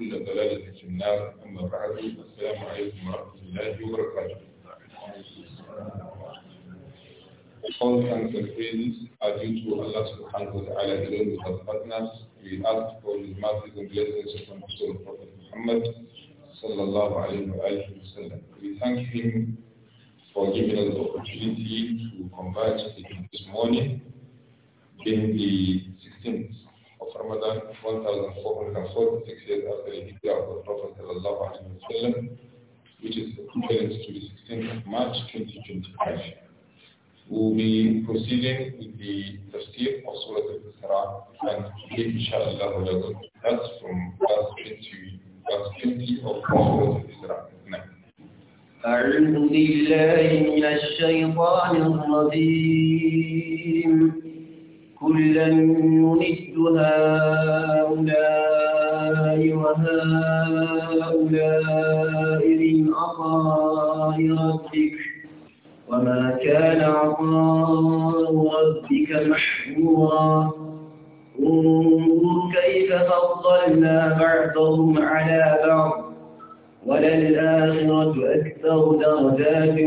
في النار أما بعد السلام عليكم ورحمة الله وبركاته All thanks and praise are due to Allah subhanahu wa ta'ala partners. We ask for his mercy and blessings upon the soul of Prophet Muhammad sallallahu alayhi wa sallam. We thank him for giving us the opportunity to converge this morning, being the 16th of Ramadan, 1446 years after the Hijrah of the Prophet Wasallam, which is equivalent to the 16th of March 2025. We'll be proceeding with the tafsir of Surah Al-Isra and today, inshallah, that's from verse 20, verse 20 of Surah Al-Isra. أعوذ بالله من الشيطان الرجيم كلا يمد هؤلاء وهؤلاء من عطاء ربك وما كان عطاء ربك محجورا انظر كيف فضلنا بعضهم على بعض وللآخرة أكثر درجات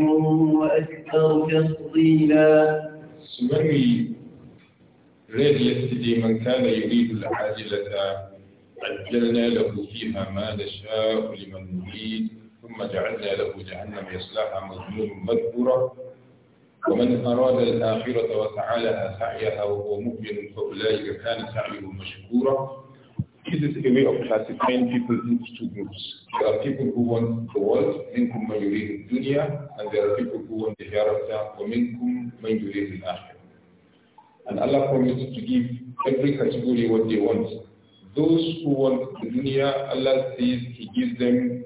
وأكثر تفضيلا غير يسدي من كان يريد العاجلة عجلنا له فيها ما نشاء لمن نريد ثم جعلنا له جهنم يصلحها مظلوم مدبورا ومن أراد الآخرة وسعى لها سعيها وهو مؤمن فأولئك كان سعيه مشكورا This is a way of classifying people into two groups. There are people who want the world, منكم من يريد الدنيا, and there are people who want the hereafter, ومنكم من يريد الآخرة. And Allah promises to give every category what they want. Those who want the dunya, Allah says He gives them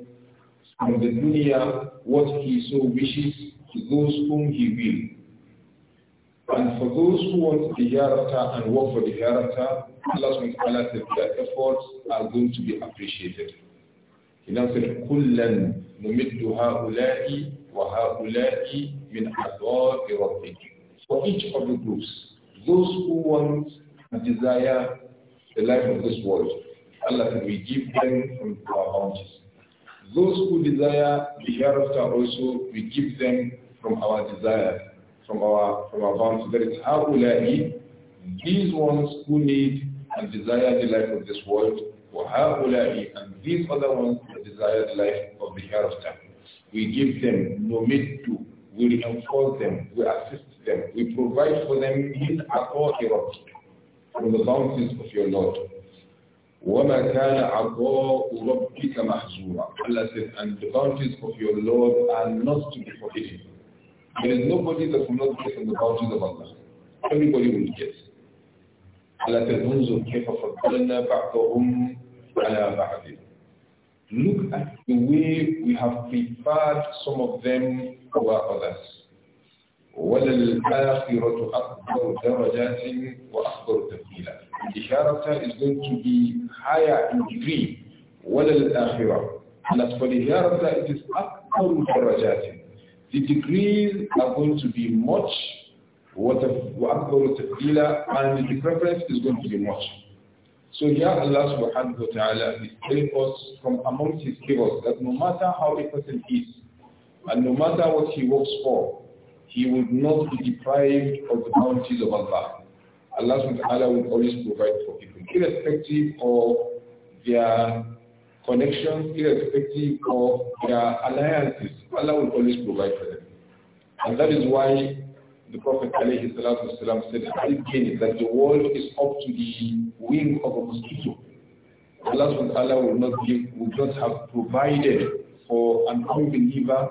from the dunya what He so wishes to those whom He will. And for those who want the hereafter and work for the hereafter, Allah SWT says their efforts are going to be appreciated. He now said, كُلًّا نُمِدُّ هَؤُلَاءِ وَهَؤُلَاءِ مِنْ عَطَاءِ رَبِّكِ For each of the groups, those who want and desire the life of this world, Allah, we give them from our bounties. Those who desire the hereafter also, we give them from our desire, from our from our bounties. That is هؤلاء, these ones who need and desire the life of this world, وهؤلاء, and these other ones who desire the life of the hereafter. We give them, no need to, we reinforce them, we assist them. We provide for them his aqa'irat from the bounties of your Lord. وَمَا كَانَ عَطَاءُ رَبِّكَ مَحْزُورًا Allah says, and the bounties of your Lord are not to be forbidden. There is nobody that will not get on the bounties of Allah. Everybody will get. Allah says, انظر كيف فضلنا بعضهم على بعض. Look at the way we have prepared some of them over others. وَلَلْآخِرَةُ أَكْبَرُ دَرَجَاتٍ وَأَكْبَرُ تَفْضِيلًا The is going to be higher in degree. وَلَلْآخِرَةُ And for the hereafter, it is أَكْبَرُ دَرَجَاتٍ The degrees are going to be much وَأَكْبَرُ تَفْضِيلًا And the preference is going to be much. So here Allah subhanahu wa ta'ala is telling us from amongst his givers that no matter how a person is, and no matter what he works for, he would not be deprived of the bounties of Allah. Allah ta'ala will always provide for people, irrespective of their connections, irrespective of their alliances. Allah will always provide for them. And that is why the Prophet والسلام, said that the world is up to the wing of a mosquito. Allah ta'ala will not give, will not have provided for an unbeliever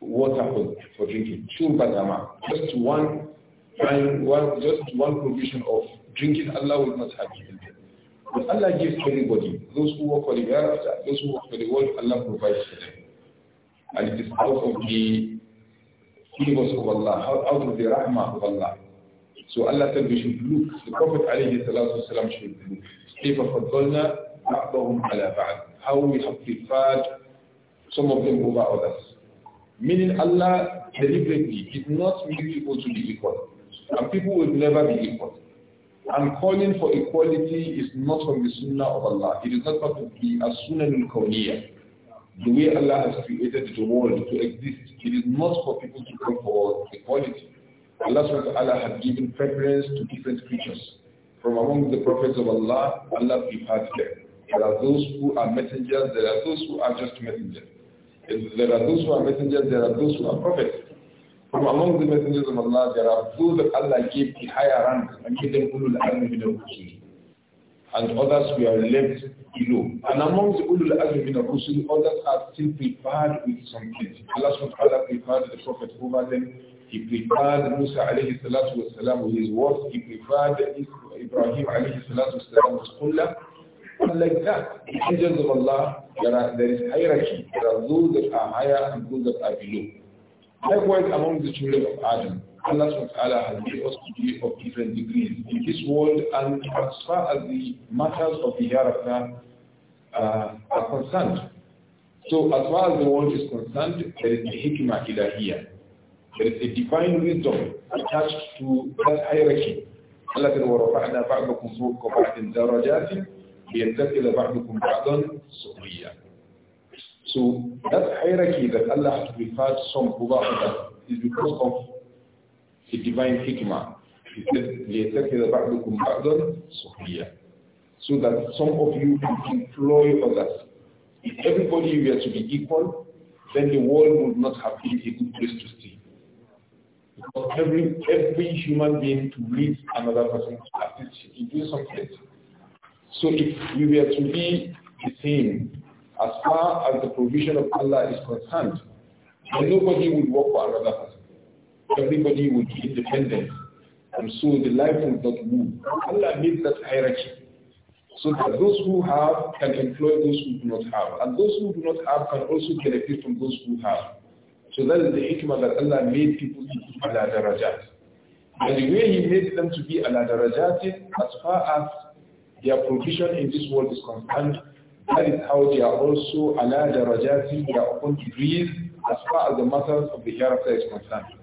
water for, for drinking, that Just one time, one, just one provision of drinking, Allah will not have given them. But Allah gives everybody. Those who work for the hereafter, those who work for the world, Allah provides for them. And it is out of the favors of Allah, out of the rahmah of Allah. So Allah said we should look. The Prophet alayhi salatu wasalam should look. كيف فضلنا How we have preferred some of them over others. Meaning Allah deliberately did not make people to be equal. And people will never be equal. And calling for equality is not from the sunnah of Allah. It is not part of the sunnah al-kawniyah. The way Allah has created the world to exist, it is not for people to call for equality. Allah subhanahu has given preference to different creatures. From among the prophets of Allah, Allah prepared them. There are those who are messengers, there are those who are just messengers. There are those who are messengers, there are those who are prophets. From among the messengers of Allah, there are those that Allah gave the higher rank and gave them ulul azmi min al-rusul. And others we are left below. And among the ulul azmi min al-rusul, others are still prepared with some things. Allah subhanahu wa ta'ala prepared the prophet over them. He prepared Musa alayhi salatu with his words. He prepared Ibrahim alayhi salatu with his like that. The angels of Allah, there, are, there is hierarchy. There are those that are higher and those that are below. Likewise, among the children of Adam, Allah SWT has made us to be of different degrees in this world and as far as the matters of the hereafter uh, are concerned. So as far as the world is concerned, there is a hikmah here. There is a divine wisdom attached to that hierarchy. Allah said, وَرَفَعْنَا بَعْضَكُمْ فَوْقَ بَعْضٍ دَرَجَاتٍ ليتخذ بعضكم بعضا سخريا So that hierarchy that Allah has preferred some over others is because of the divine hikmah. He said, لِيَتَّكِذَ بَعْضُكُمْ بَعْضًا سُخْرِيًا So that some of you can employ others. If everybody were to be equal, then the world would not have been a good place to stay. Because every, every human being to lead another person to assist in doing something so if we were to be the same as far as the provision of Allah is concerned, then nobody would work for another person. Everybody would be independent. And so the life would not move. Allah made that hierarchy. So that those who have can employ those who do not have. And those who do not have can also benefit from those who have. So that is the hikmah that Allah made people into be darajat. And the way He made them to be ala darajat as far as their provision in this world is concerned, that is how they are also allowed to darajati, they are upon degrees as far as the matters of the hereafter is concerned.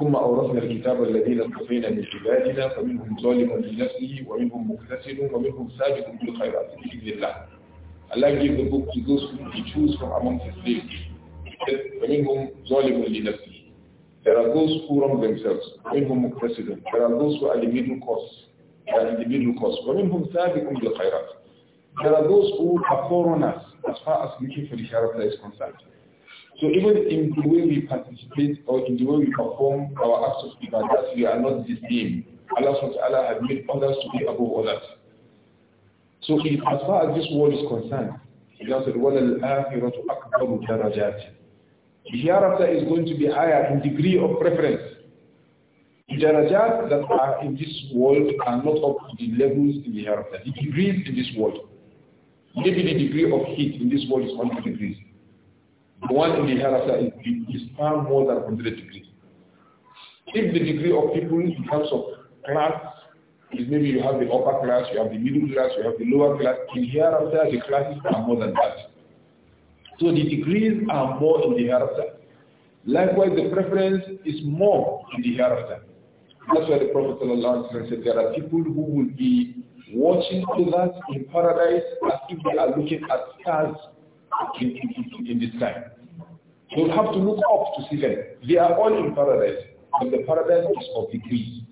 ثم أورثنا الكتاب الذين اصطفينا من عبادنا فمنهم ظالم لنفسه ومنهم مقتصد ومنهم سابق بالخيرات بإذن الله. Allah gives the book to those who He chooses from among His slaves. فمنهم ظالم لنفسه. There are those who wrong themselves. ومنهم مقتصد. There are those who are the middle course. There are those who are foreigners as far as looking for the character is concerned. So even in the way we participate or in the way we perform our acts of ibadat, we are not the same. Allah SWT has made others to be above others. So if, as far as this world is concerned, Allah said, وَلَلْآخِرَةُ أَكْبَرُ دَرَجَاتٍ The hereafter is going to be higher in degree of preference darajat that are in this world are not up to the levels in the hereafter. The degrees in this world. Maybe the degree of heat in this world is 100 degrees. The one in the hereafter is, is far more than 100 degrees. If the degree of people in terms of class is maybe you have the upper class, you have the middle class, you have the lower class, in hereafter the classes are more than that. So the degrees are more in the hereafter. Likewise, the preference is more in the hereafter. That's why the Prophet said there are people who will be watching that in paradise as if they are looking at stars in, in, in the sky. You'll have to look up to see them. They are all in paradise, but the paradise is of degrees.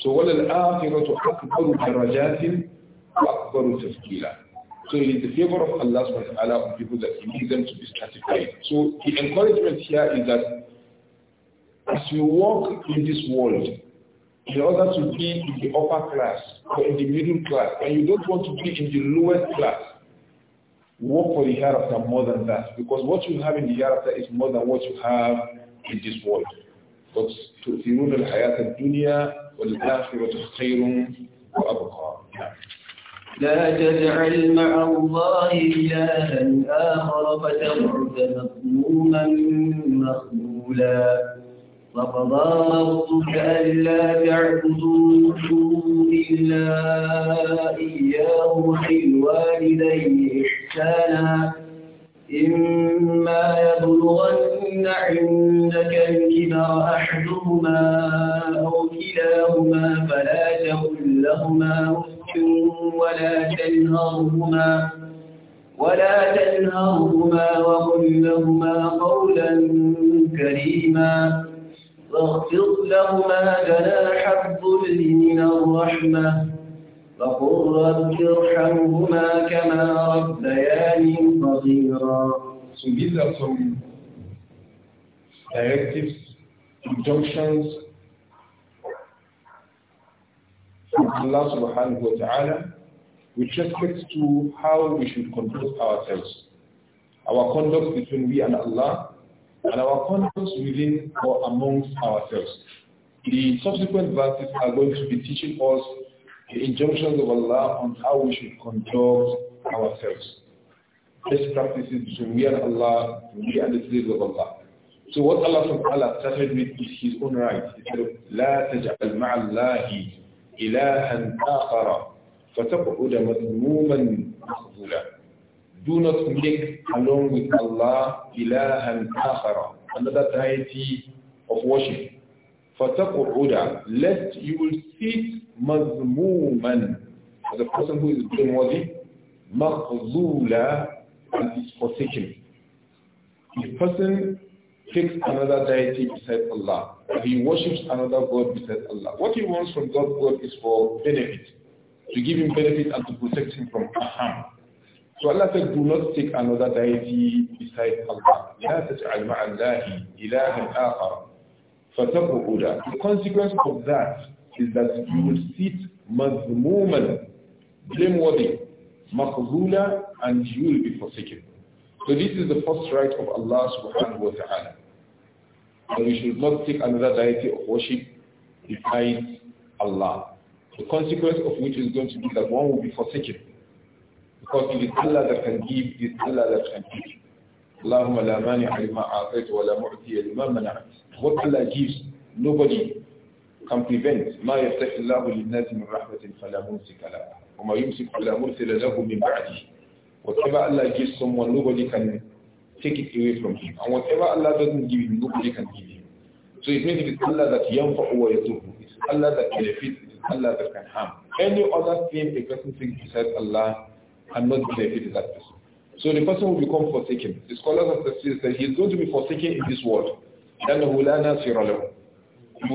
So وَلَلْآخِرَةُ أَكْبَرُ دَرَجَاتٍ وَأَكْبَرُ تَفْكِيلًا So it is the favor of Allah subhanahu wa ta'ala on people that he needs them to be stratified. So the encouragement here is that as you walk in this world, in order to be in the upper class or in the middle class, and you don't want to be in the lowest class, work for the hereafter more than that. Because what you have in the hereafter is more than what you have in this world. But to the the of dunya or تؤثرون الحياة الدنيا والآخرة خير وأبقى. لا تجعل مع الله إلها آخر فتقعد مظلوما مخذولا. وقضى ربك ألا تعبدوا إلا إياه وبالوالدين إحسانا إما يبلغن عندك الكبر أحدهما أو كلاهما فلا تقل لهما أف ولا تنهرهما ولا تنهرهما وقل لهما قولا كريما واغفر لهما جناح الذل من الرحمة وقل رب ارحمهما كما ربياني صغيرا So these are some directives, injunctions from Allah subhanahu wa ta'ala with respect to how we should conduct ourselves. Our conduct between we and Allah and our conduct within or amongst ourselves. The subsequent verses are going to be teaching us the injunctions of Allah on how we should conduct ourselves. Best practices between we and Allah, we and the slaves of Allah. So what Allah subhanahu started with is his own right. He said, لا تجعل مع الله إلها آخر فتقعد مذموما مخذولا do not make along with Allah ilahan akhara, another deity of worship. فَتَقْعُدَ Lest you will sit mazmuman, as a person who is blameworthy, مَخْزُولَ and is forsaken. If person takes another deity besides Allah, he worships another God besides Allah, what he wants from God's God is for benefit, to give him benefit and to protect him from harm. So Allah said, do not take another deity beside Allah. لا تجعل مع الله إلها آخر فتقعد. The consequence of that is that you will sit مذموما, blameworthy, مخذولا, and you will be forsaken. So this is the first right of Allah subhanahu wa ta'ala. And we should not take another deity of worship besides Allah. The consequence of which is going to be that one will be forsaken. Because it is Allah that can give, it is Allah that can give. La لا مانع لما أعطيت ولا معطي لما منعت. What Allah gives, nobody can prevent. ما يفتح الله للناس من رحمة فلا ممسك لها. وما Whatever Allah gives someone, nobody can take it away from him. And whatever Allah doesn't give him, nobody can give him. So it means it is Allah that ينفع ويضر. It's Allah that benefits, it is Allah that can harm. Any other thing a person thinks besides Allah and not be there to that person. So the person will become forsaken. The scholars of the series say he is going to be forsaken in this world. He will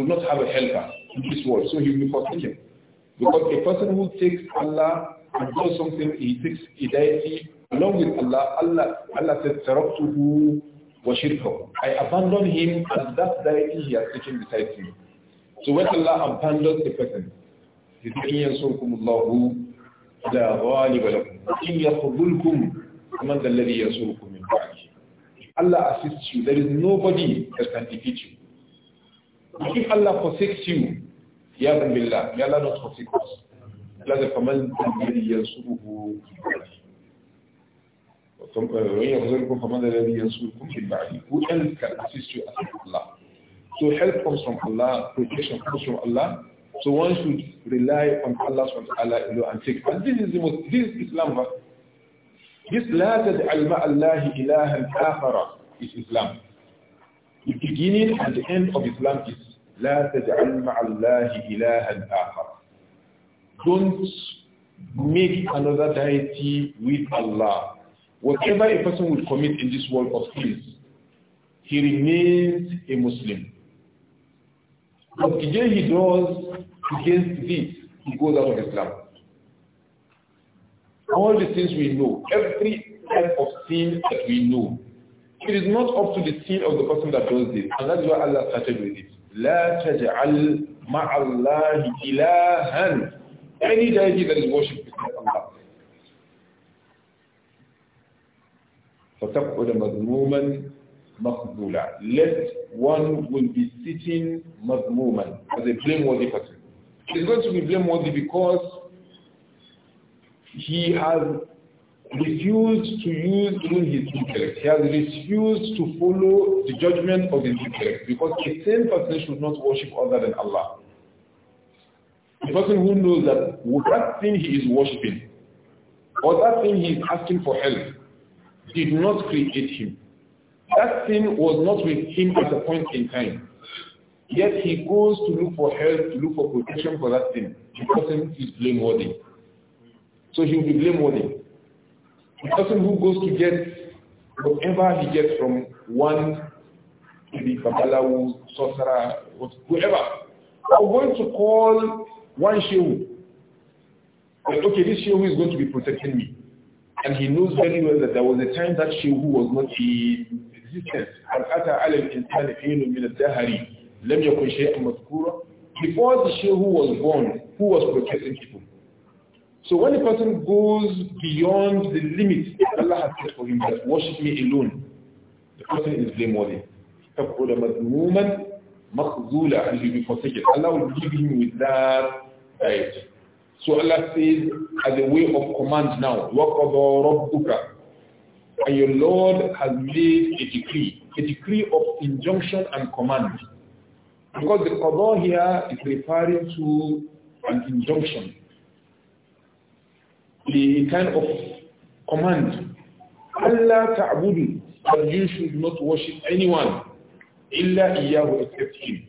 not have a helper in this world. So he will be forsaken. Because a person who takes Allah and does something, he takes a deity along with Allah. Allah, Allah says, Taraktuhu wa I abandon him and that deity he has taken beside him. So when Allah abandons a person, he says, غالب لكم إن يخذلكم ذا الذي من بعده Allah assists you. There is nobody that can defeat you. If Allah forsakes you, Ya bin Billah, may Allah not forsake us. Allah said, فَمَنْ will يَنْصُرُهُ وَإِنْ يَغْزَلْكُمْ فَمَنْ الَّذِي يَنْصُرُكُمْ مِنْ بَعْدِهِ Who else can assist you Allah? So help comes from Allah, protection comes from Allah, so one should rely on Allah subhanahu wa and take. And this is the most, this is Islam. This لا تدعل مع الله إلها آخر is Islam. The beginning and the end of Islam is لا تدعل مع الله إلها آخر. Don't make another deity with Allah. Whatever a person will commit in this world of sins, he remains a Muslim. But the day he does against this, he goes out of Islam. All the things we know, every type of sin that we know, it is not up to the sin of the person that does this. And that's why Allah started with it. لا تجعل مع الله إلها Any deity that is worshipped besides Allah. فتقعد مذموما مخذولا. Let one will be sitting مذموما as a blameworthy person is going to be blameworthy because he has refused to use even his intellect. He has refused to follow the judgment of his intellect because a sane person should not worship other than Allah. The person who knows that that thing he is worshipping or that thing he is asking for help did not create him. That thing was not with him at a point in time. Yet he goes to look for help, to look for protection for that thing. The person is blameworthy. So he will be blameworthy. The person who goes to get whatever he gets from one, maybe Babalawu, sorcerer, whoever, I'm going to call one shehu. okay, this shehu is going to be protecting me. And he knows very well that there was a time that shehu was not in existence. Al-Ata al-Insani fiyinu لم يكن شيئا مذكورا before the Sheikh was born, who was protecting people? So when a person goes beyond the limits Allah has set for him, that worship me alone, the person is blameworthy. مخذولا and he'll be forsaken. Allah will give him with that right. So Allah says as a way of command now, وَقَضَى رَبُّكَ And your Lord has made a decree, a decree of injunction and command. Because the qadha here is referring to an injunction, the kind of command. Allah ta'budu, that you should not worship anyone, illa iyyahu except him.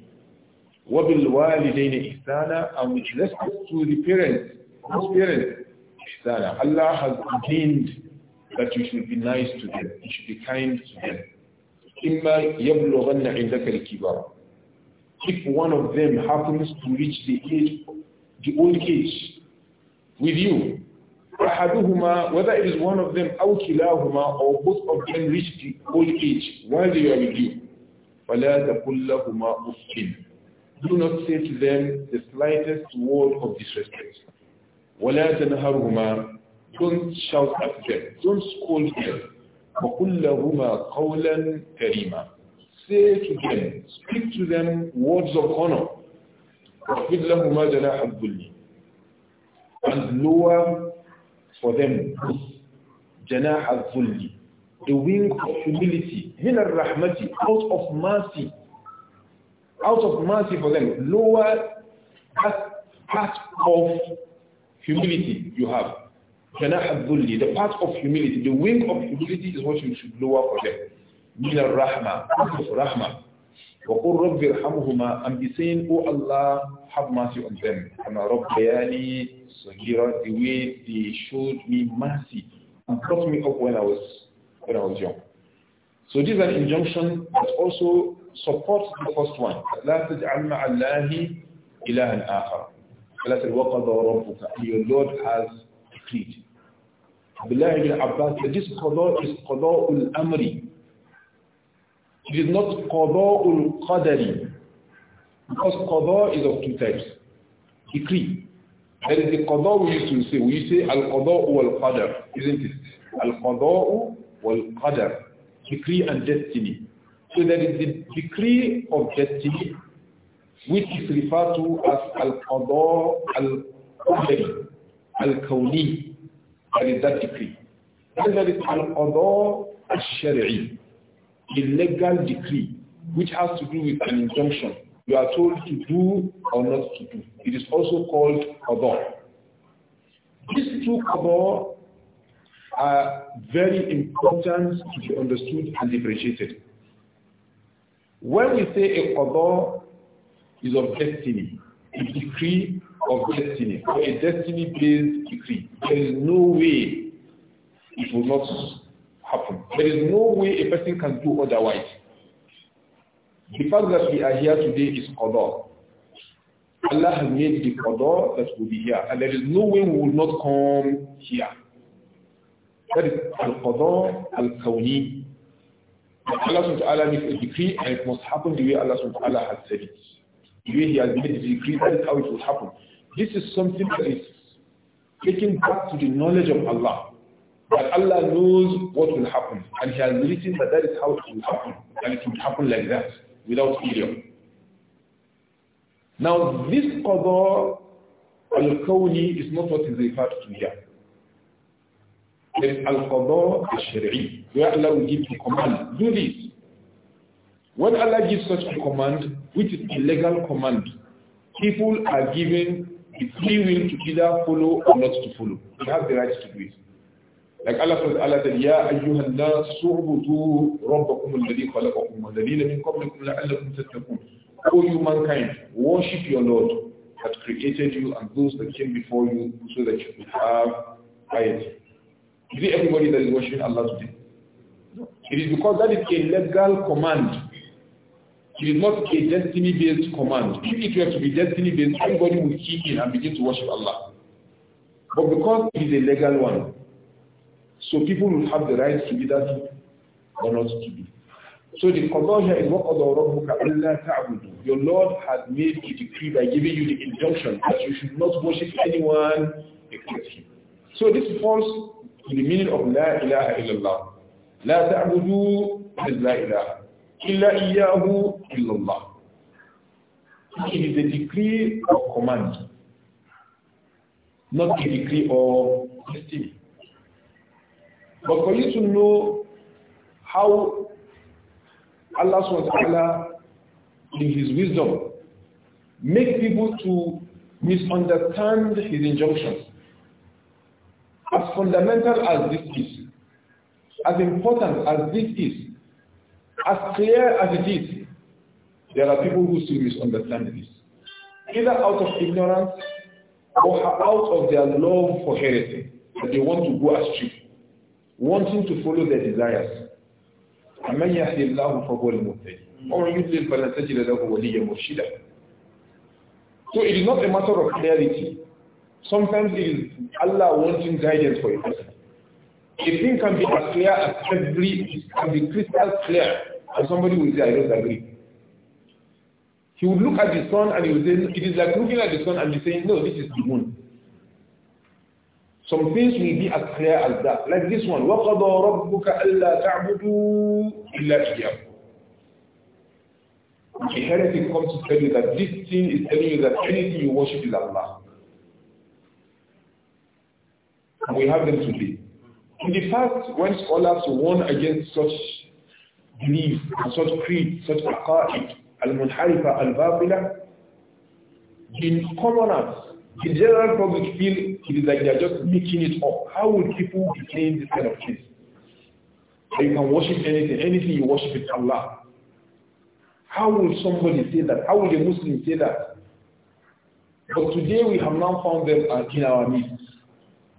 وَبِالْوَالِدَيْنِ إِحْسَانًا And with respect to the parents, his parents, إِحْسَانًا Allah has ordained that you should be nice to them, you should be kind to them. إِمَّا يَبْلُغَنَّ عِنْدَكَ الْكِبَارَ if one of them happens to reach the age, the old age, with you, whether it is one of them, or both of them reach the old age while they are with you, do not say to them the slightest word of disrespect. ولا تنهرهما Don't shout at them. Don't scold them. وقل لهما قولا كريما say to them, speak to them words of honor. And lower for them the wing of humility out of mercy out of mercy for them lower that part of humility you have the part of humility the wing of humility is what you should lower for them من الرحمة رحمة وقل رب ارحمهما ام بسين او الله حب ما سي امبن انا رب ياني صغيرة دي وي دي شود مي ماسي ان كروس مي اوب وين اوز وين اوز يون So this is an injunction that also supports the first one. لا تجعل مع الله إلها آخر. لا تلوقظ ربك. Your Lord has decreed. بالله بن عباس this قضاء is قضاء الأمر It is not qada'ul qadari. Because qada is of two types. Decree. There is the qada we used to say. We say al-qada'u wal-qadar. Isn't it? Al-qada'u wal-qadar. Decree and destiny. So there is the decree of destiny which is referred to as al-qada al-qadari. Al-kawni. That is that decree. Then there is al-qada al-shari'i a legal decree which has to do with an injunction. You are told to do or not to do. It is also called a law. These two qadar are very important to be understood and appreciated. When we say a qadar is of destiny, a decree of destiny, or a destiny-based decree, there is no way it will not happen. There is no way a person can do otherwise. The fact that we are here today is qadar. Allah has made the qadar that we'll be here. And there is no way we will not come here. That is al-qadar al-kawni. Allah SWT makes a decree and it must happen the way Allah SWT has said it. The way he has made the decree, that is how it will happen. This is something that is taken back to the knowledge of Allah. But Allah knows what will happen. And He has written that that is how it will happen. And it will happen like that, without fear. Now, this qadar al-kawni is not what is referred to here. There is al-qadar al-shari'i, where Allah will give a command, do this. When Allah gives such a command, which is a legal command, people are given the free will to either follow or not to follow. They have the right to do it. Like Allah says, Allah said, يَا أَيُّهَا النَّاسُ عُبُدُوا رَبَّكُمُ الَّذِي al وَالَّذِينَ مِنْ قَبْلِكُمْ لَعَلَّكُمْ تَتَّقُونَ O you mankind, worship your Lord that created you and those that came before you so that you could have piety. Is it everybody that is worshiping Allah today? No. It is because that is a legal command. It is not a destiny-based command. If it were to be destiny-based, everybody would kick in and begin to worship Allah. But because it is a legal one, so people will have the right to either do or not to do. So the qadha here is what Allah Your Lord has made a decree by giving you the injunction that you should not worship anyone except him. So this falls to the meaning of la ilaha illallah. La ta'budu is la ilaha. Illa iyyahu illallah. It is a decree or command, not a decree or esteem. But for you to know how Allah SWT, in his wisdom make people to misunderstand his injunctions. As fundamental as this is, as important as this is, as clear as it is, there are people who still misunderstand this, either out of ignorance or out of their love for heresy, that they want to go astray wanting to follow their desires. أمن يهدي الله فهو المهتدي ومن يضلل فلن تجد له وليا مرشدا So it is not a matter of clarity. Sometimes it is Allah wanting guidance for a person. A thing can be as clear as every, can be crystal clear, and somebody will say, I don't agree. He would look at the sun and he would say, it is like looking at the sun and be saying, no, this is the moon. Some things will be as clear as that. Like this one, وَقَضَى رَبُّكَ أَلَّا تَعْبُدُوا إِلَّا إِيَّاهُ The heretic comes to tell you that this thing is telling you that anything you worship is Allah. And we have them today. In the past, when scholars warn against such beliefs and such creeds, such aqa'id, al-munharifa, al-babila, the commoners the general public feel it is like they are just making it up. How would people be saying this kind of things? That you can worship anything, anything you worship is Allah. How will somebody say that? How will a Muslim say that? But today we have now found them in our midst.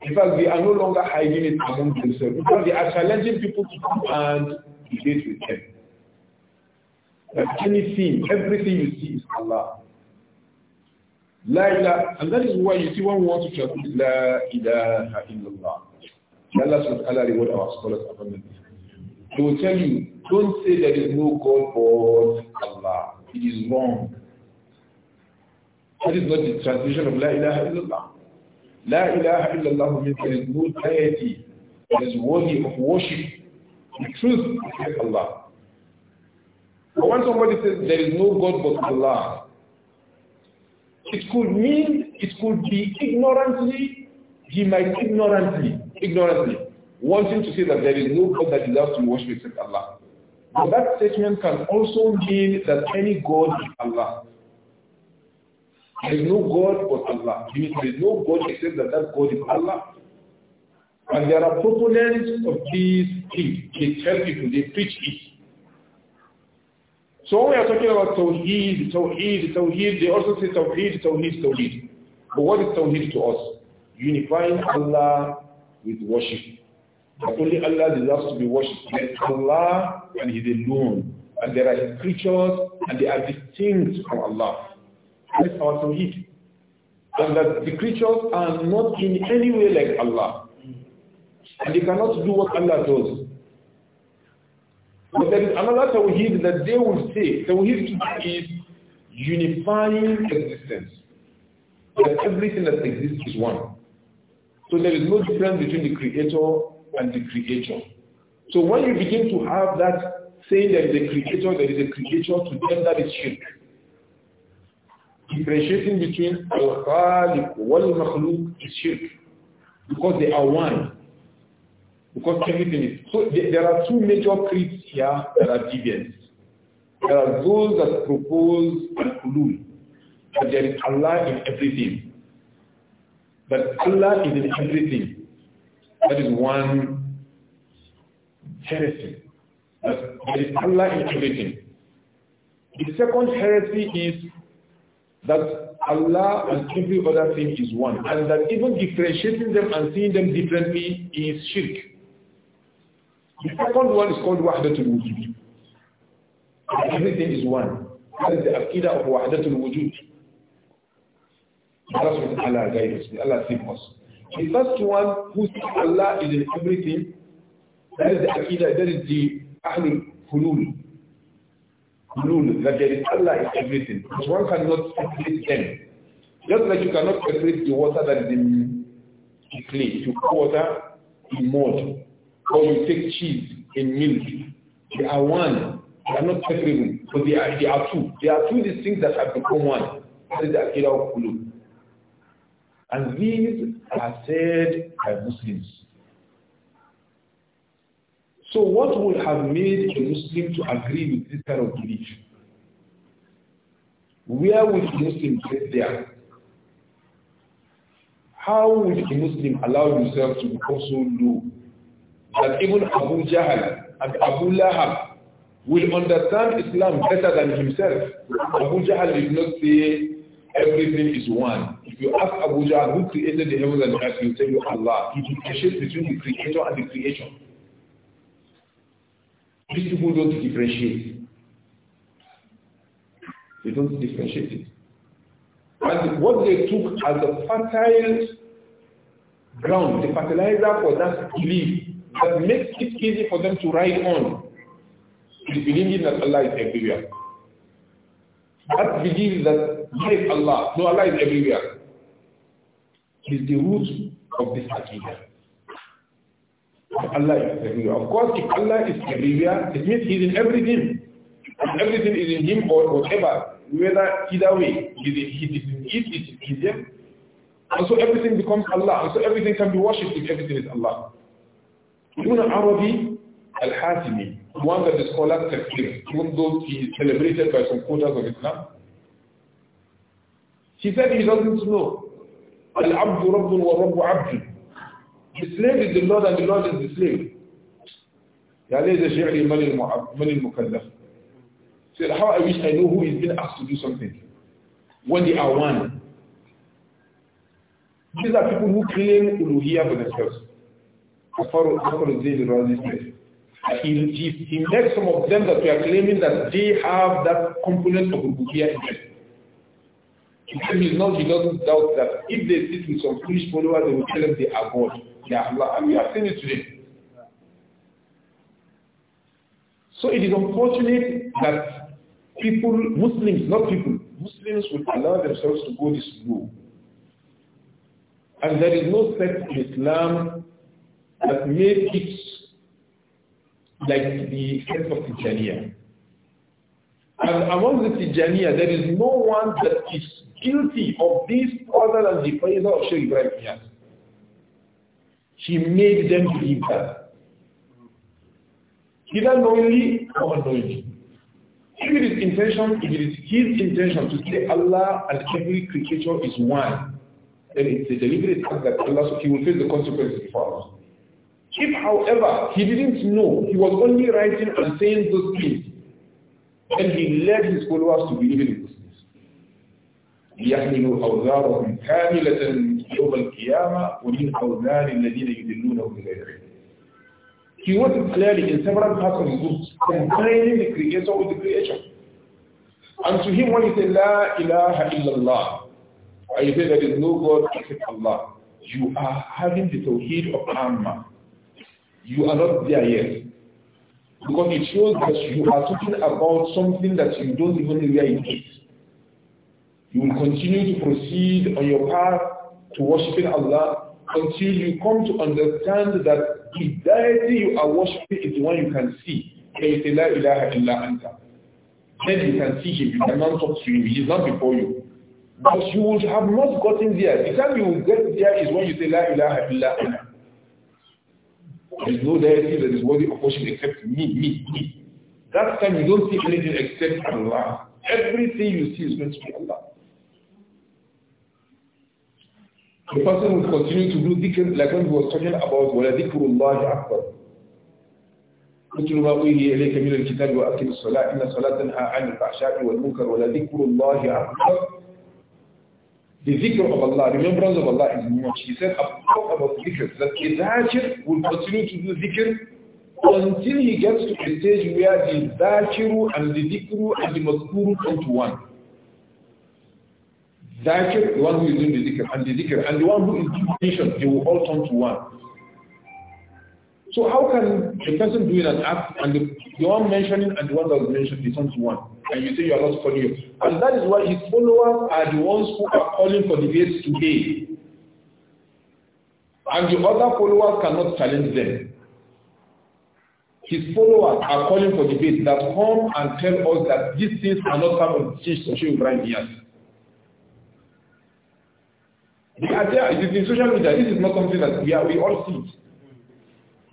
In fact, they are no longer hiding it among themselves because they are challenging people to come and debate with them. That anything, everything you see is Allah. La ilaha, and that is why you see when we want to translate La ilaha illallah. Allah says Allah reward our scholars abundantly. He will tell you, don't say there is no God but Allah. It is wrong. That is not the translation of La ilaha illallah. La ilaha illallah means there is no deity that is worthy of worship. The truth is Allah. But when somebody says there is no God but Allah, it could mean, it could be ignorantly, he might ignorantly, ignorantly, wanting to say that there is no God that deserves to worship except Allah. But that statement can also mean that any God is Allah. There is no God but Allah. There is no God except that that God is Allah. And there are proponents of these things. They tell people, they preach it. So when we are talking about Tawheed, Tawheed, Tawheed, they also say Tawheed, Tawheed, Tawheed. But what is Tawheed to us? Unifying Allah with worship. But only Allah deserves to be worshipped. Let Allah and He alone. And there are creatures and they are distinct from Allah. That is our Tawheed. And that the creatures are not in any way like Allah. And they cannot do what Allah does. But there is another Tawheed that they will say. Tawheed is unifying existence. That everything that exists is one. So there is no difference between the creator and the creature. So when you begin to have that saying there is a creator, there is a creature, to them that is shirk. Differentiating between al-khaliq wal-makhluq is shirk. Because they are one. Because everything is... So there are two major creeds here that are deviant. There are those that propose al-kulul, that there is Allah in everything. That Allah is in everything. That is one heresy. That there is Allah in everything. The second heresy is that Allah and every other thing is one, and that even differentiating them and seeing them differently is shirk. The second one is called Wahdatul Wujud. Everything is one. That is the Aqidah of Wahdatul Wujud. That's Allah guide us. Allah save us. The first one who says Allah is in everything, that is the Aqidah, that is the Ahlul Hulul. Hulul, that there is Allah in everything. Because one cannot separate them. Just like you cannot separate the water that is in the clay. If you pour water in mud, or we take cheese and milk. They are one. They are not separable, but they are, they are two. They are two these things that have become one. That is the Akira of Kulu. And these are said by Muslims. So what would have made a Muslim to agree with this kind of belief? Where would a Muslim get there? How would a Muslim allow himself to become so low that even Abu Jahl and Abu Lahab will understand Islam better than himself. Abu Jahl did not say everything is one. If you ask Abu Jahl who created the heavens and the earth, he'll tell you Allah. He differentiates between the creator and the creation. These people don't differentiate. They don't differentiate it. And what they took as a fertile ground, the fertilizer for that belief that makes it easy for them to ride on is believing that Allah is everywhere. That belief that life Allah, no Allah is everywhere, is the root of this idea. Allah is everywhere. Of course, if Allah is everywhere, it means He's in everything. and everything is in Him or whatever, whether either way, He is in it, it is in Him. And so everything becomes Allah. And so everything can be worshipped if everything is Allah. Ibn Arabi al-Hatimi, one that the scholars accept, even though he is celebrated by some quarters of Islam, he said he doesn't know. Al-Abdu Rabbun wa Rabbu Abdu. The slave is the Lord and the Lord is the slave. يا ليت شعري من من المكلف. Said, how I wish I know who is being asked to do something when they are one. These are people who claim uluhiyah for themselves. Fakhruddin al-Razi he, he, he some of them that we are claiming that they have that component of the in them. He not, he doesn't doubt that if they sit with some foolish followers, they will tell them they are God, they are Allah, and we have seen it today. So it is unfortunate that people, Muslims, not people, Muslims would allow themselves to go this route. And there is no sect in Islam that made it like the case of Tijaniya. And among the Tijaniya, there is no one that is guilty of this other than the praiser of Sheikh Ibrahim She made them believe that. Either knowingly or unknowingly. If it is intention, if it is his intention to say Allah and every creature is one, then it's a deliberate act that Allah, so he will face the consequences for us. If, however, he didn't know, he was only writing and saying those things, then he led his followers to believe in those things. ليحملوا أوزارهم كاملة يوم القيامة أوزار الذين يدلونهم He was clearly in several parts of his books, the creator with the creation. And to him when he said, La ilaha illallah, I say there is no God except Allah, you are having the tawheed of Amma you are not there yet. Because it shows that you are talking about something that you don't even know where it is. You will continue to proceed on your path to worshiping Allah until you come to understand that the deity you are worshiping is the one you can see. Then you can see him, you cannot talk to him, he is not before you. But you would have not gotten there. The time you will get there is when you say La ilaha illa there is no deity that is worthy of worship except me, me, me. That time you don't see anything except Allah. Everything you see is going to be Allah. The person will continue to do dhikr like when he was talking about "Wala ذِكْرُ akbar." أَكْبَرُ قُتْلُ مَا أُوهِيَ إِلَيْكَ مِنَ الْكِتَابِ وَأَقِمِ الصَّلَاةَ إِنَّ صَلَاةَ تَنْهَى عَنِ الْفَحْشَاءِ وَالْمُنكَرِ وَلَا ذِكْرُ اللَّهِ أَكْبَرُ the zikr of Allah, remembrance of Allah is much. He said about zikr, that the dhakir will continue to do zikr until he gets to a stage where the dhakiru and the zikru and the maskuru come to one. Dhakir, the one who is doing the zikr, and the zikr, and the one who is doing mention, they will all turn to one. So how can a person doing an act and the, the one mentioning and the one that was mentioned turn to one? and you say you are not following And that is why his followers are the ones who are calling for debates today. And the other followers cannot challenge them. His followers are calling for debates that come and tell us that these things are not part of the change of Sheikh Ibrahim in social media. This is not something that we, are, we all see. It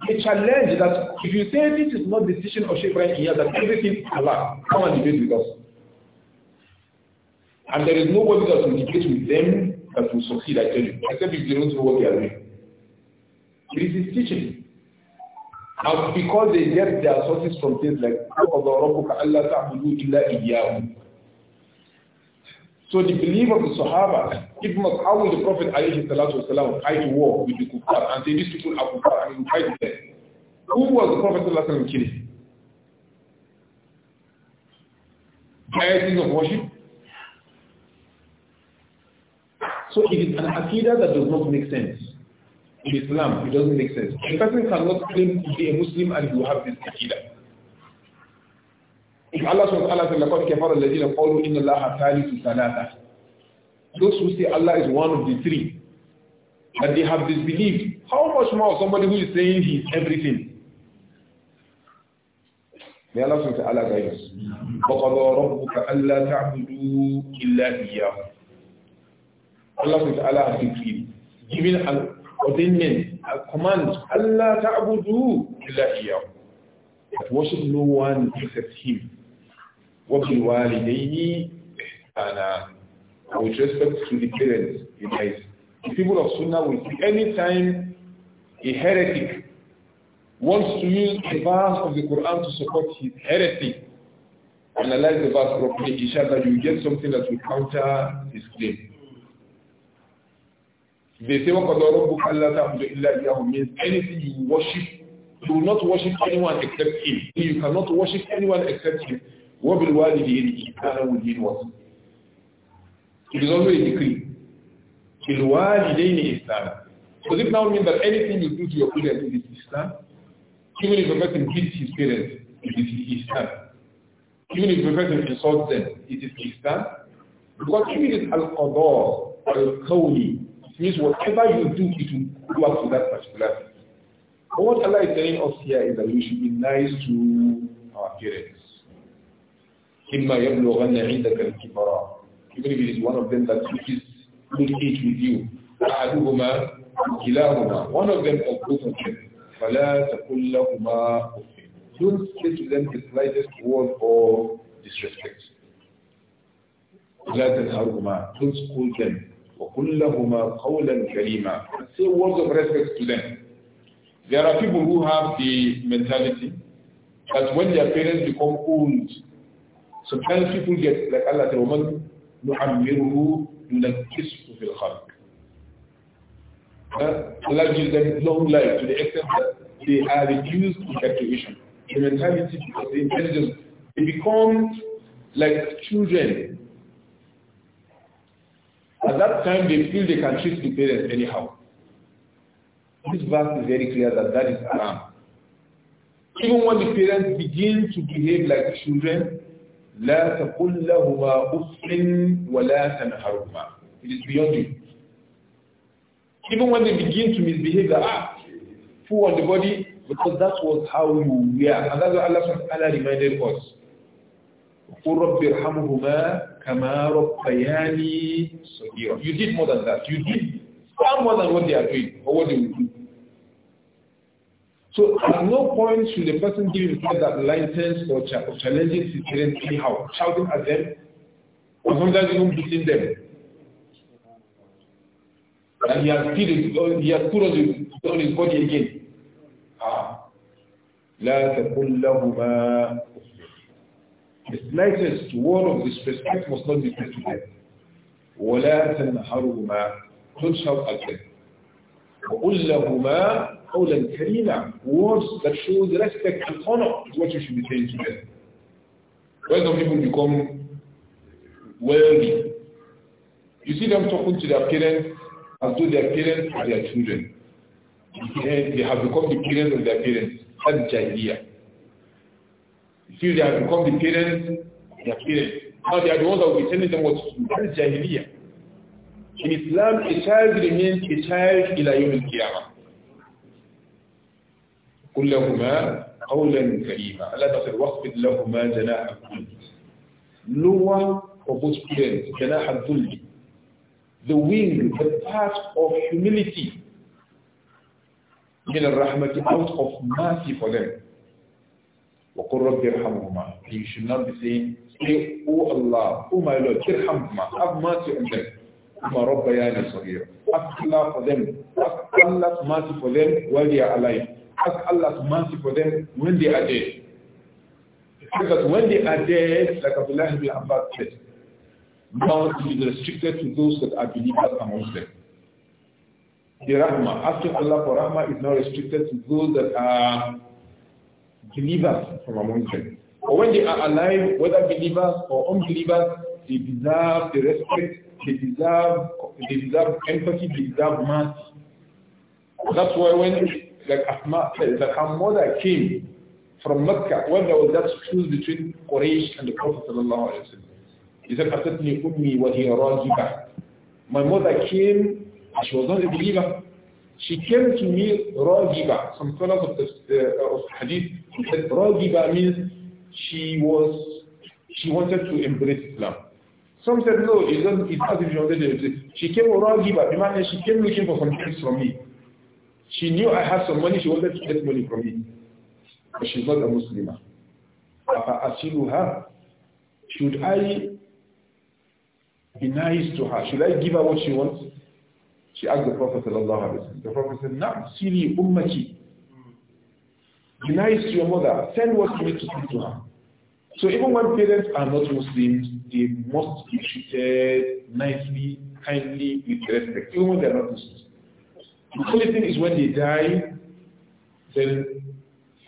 a challenge that if you say this is not decision of Sheikh Ibrahim that everything is come and debate with us. And there is nobody that will debate with them that will succeed, I tell you, except if they don't know what they are doing. This is teaching. And because they get their sources from things like, oh, so the belief of the Sahaba, if not, how will the Prophet والسلام, fight war with the Kuffar and say these people are Kuffar and will fight them? Who was the Prophet ﷺ killing? Deities of worship? So it is an akidah that does not make sense. In Islam, it doesn't make sense. A person cannot claim to be a Muslim and you have this akidah. Allah subhanahu wa ta'ala said, لَقَدْ كَفَرَ الَّذِينَ قَالُوا إِنَّ اللَّهَ ثَالِثُ ثَلَاثَةٍ Those who say Allah is one of the three, that they have disbelieved, how much more somebody who is saying he is everything? May Allah subhanahu wa ta'ala guide us. وَقَضَى رَبُّكَ أَلَّا تَعْبُدُوا إِلَّا إِيَّهُ Allah subhanahu wa ta'ala has decreed, giving an ordainment, a command, Allah ta'budu illa iyahu. That worship no one except him. وَبِالْوَالِدَيْهِ إِحْسَانًا With respect to the parents, you guys. The people of Sunnah will see any time a heretic wants to use the verse of the Quran to support his heresy, analyze the verse properly, inshallah, you get something that will counter his claim. They say, وَقَدَرَبُكَ أَلَّا تَعْبُدُ إِلَّا إِيَّهُ means anything you worship, you will not worship anyone except him. You cannot worship anyone except him. وَبِالْوَالِدِينِ إِحْسَانًا وَذِي الْوَصْلِ It is also a decree. بِالْوَالِدَيْنِ إِحْسَانًا Does it now mean that anything you do to your parents is Islam? Even if a person beats his parents, it is Islam. Even if a person insults them, it is Islam. Because even if al-qadar al-qawli, it means whatever you do, it will go up to that particular thing. But what Allah is telling us here is that we should be nice to our parents. Even if it is one of them that reaches good age with you, One of them or both of them. فلا لَهُمَا Don't say to them the slightest word or disrespect. لا تنهرهما Don't scold them. قَوْلًا كَرِيمًا Say words of respect to them. There are people who have the mentality that when their parents become old, Sometimes people get, like Allah said, وَمَنْ نُحَمِّرُهُ نُنَكِّسْهُ فِي الْخَلْقِ Allah gives them long life to the extent that they are reduced to captivation. The mentality, the intelligence, they become like children. At that time, they feel they can treat the parents anyhow. This verse is very clear that that is haram. Even when the parents begin to behave like children, لا تقل لهما أف ولا تنهرهما It is beyond you. Even when they begin to misbehave, they ah, fool on the body, because that was how you were. And that's what Allah Subhanahu wa Taala reminded us. قُلْ رَبِّ ارْحَمْهُمَا كَمَا رَبَّيَانِي صَغِيرًا You did more than that. You did far more than what they are doing or what they will do. So at no point should a person give himself that lightens or challenging his parents anyhow, shouting at them, or sometimes even beating them. And he has killed his, uh, he has put on his, on his body again. Ah. لا تقل لهما The slightest word of disrespect must not be said to them. ولا تنهرهما Don't shout at them. وقل لهما قولا oh, كريما words that show respect and honor is what you should be saying to them. When some people become wealthy, you see them talking to their parents as though their parents are their children. They have become the parents of their parents. That's Jahiliya. You see, they have become the parents of their parents. Now they are the ones that will be telling them what to do. That is Jahiliya. In Islam, a child remains a child ila yawm al-qiyamah. قل لهما قولا كريما Allah does say لهما جناح الذل lower for جناح الذل the wing the part of humility من الرحمة out of mercy for them وقل رب ارحمهما you should not be saying say oh Allah oh my Lord ارحمهما have mercy on them ثم ربياني صغيرا ask Allah for them ask mercy for them while they are alive Ask Allah mercy for them when they are dead. Because when they are dead, like Abdullah ibn Abbas said, now it is restricted to those that are believers amongst them. The rahmah, asking Allah for rahmah is now restricted to those that are believers from among them. Or when they are alive, whether believers or unbelievers, they deserve the respect, they deserve, they deserve empathy, they deserve mercy. That's why when like Asma that her mother came from Mecca when there was that choose between Quraysh and the Prophet He said, Asatni ummi wa hiya ragiba. My mother came, she was not a believer. She came to me ragiba. Some scholars of, the, uh, of hadith said ragiba means she was, she wanted to embrace Islam. Some said no, it's not, it's not if you wanted to She came ragiba, the man she came looking for some things from me. She knew I had some money, she wanted to get money from me. But she's not a Muslim. Should I be nice to her? Should I give her what she wants? She asked the Prophet The Prophet said, Naam, siri ummaki. Be nice to your mother. Send what you need to to her. So even when parents are not Muslims, they must be treated nicely, kindly, with respect, even when they are not Muslims. The only thing is when they die, then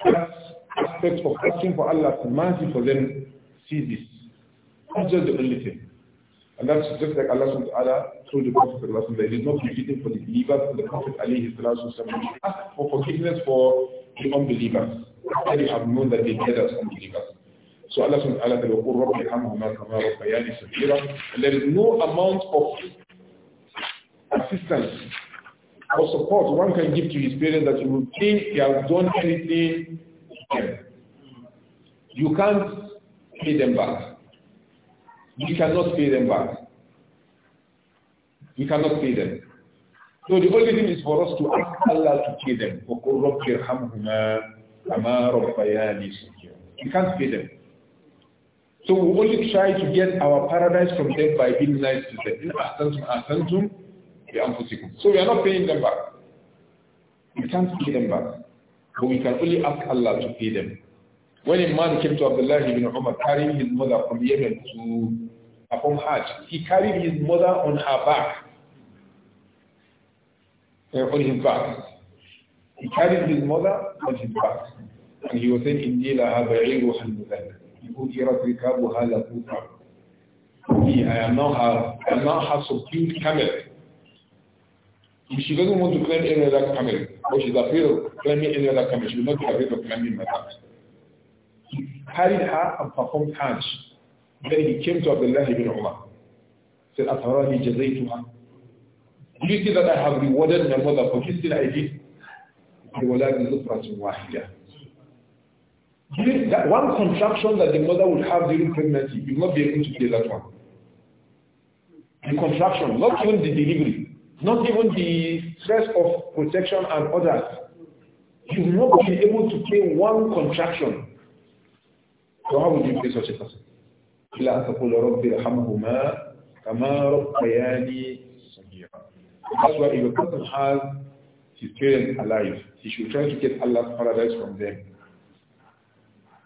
that aspect of asking for Allah's mercy for them ceases. That's just the only thing. And that's just like Allah subhanahu wa ta'ala told the Prophet that it is not befitting for the believers and the Prophet alayhi salatu ask for forgiveness for the unbelievers. They have known that they did as unbelievers. So Allah subhanahu wa ta'ala said, وَقُلْ رَبِّ حَمْهُمَا كَمَا رَبَّيَانِ there is no amount of assistance or support one can give to his parents that you will think he has done anything You can't pay them back. You cannot pay them back. You cannot pay them. So the only thing is for us to ask Allah to pay them. You can't pay them. So we only try to get our paradise from them by being nice to them. So we are not paying them back. We can't pay them back. But we can only ask Allah to pay them. When a man came to Abdullah ibn Umar carrying his mother from Yemen to perform Hajj, he carried his mother on her back. Uh, on his back. He carried his mother on his back. And he was saying, إِنِّي لَهَا بَعِيرُهَا الْمُذَلَّةِ يُؤْجِرَتْ رِكَابُهَا لَا I am now her, I am now her subdued camel. If she doesn't want to climb any other camel, or she's afraid of climbing any other camel, she will not be afraid of climbing my camel. He carried her and performed Hajj. Then he came to Abdullah ibn Umar. Said, Atarani jazaytuha. Do you see that I have rewarded my mother for this thing I did? That one contraction that the mother would have during pregnancy, you will not be able to get that one. The contraction, not even the delivery not even the stress of protection and others, you will not be able to pay one contraction. So how would you play such a person? إلا تقول رب كما That's why if a person has his parents alive, he should try to get Allah's paradise from them.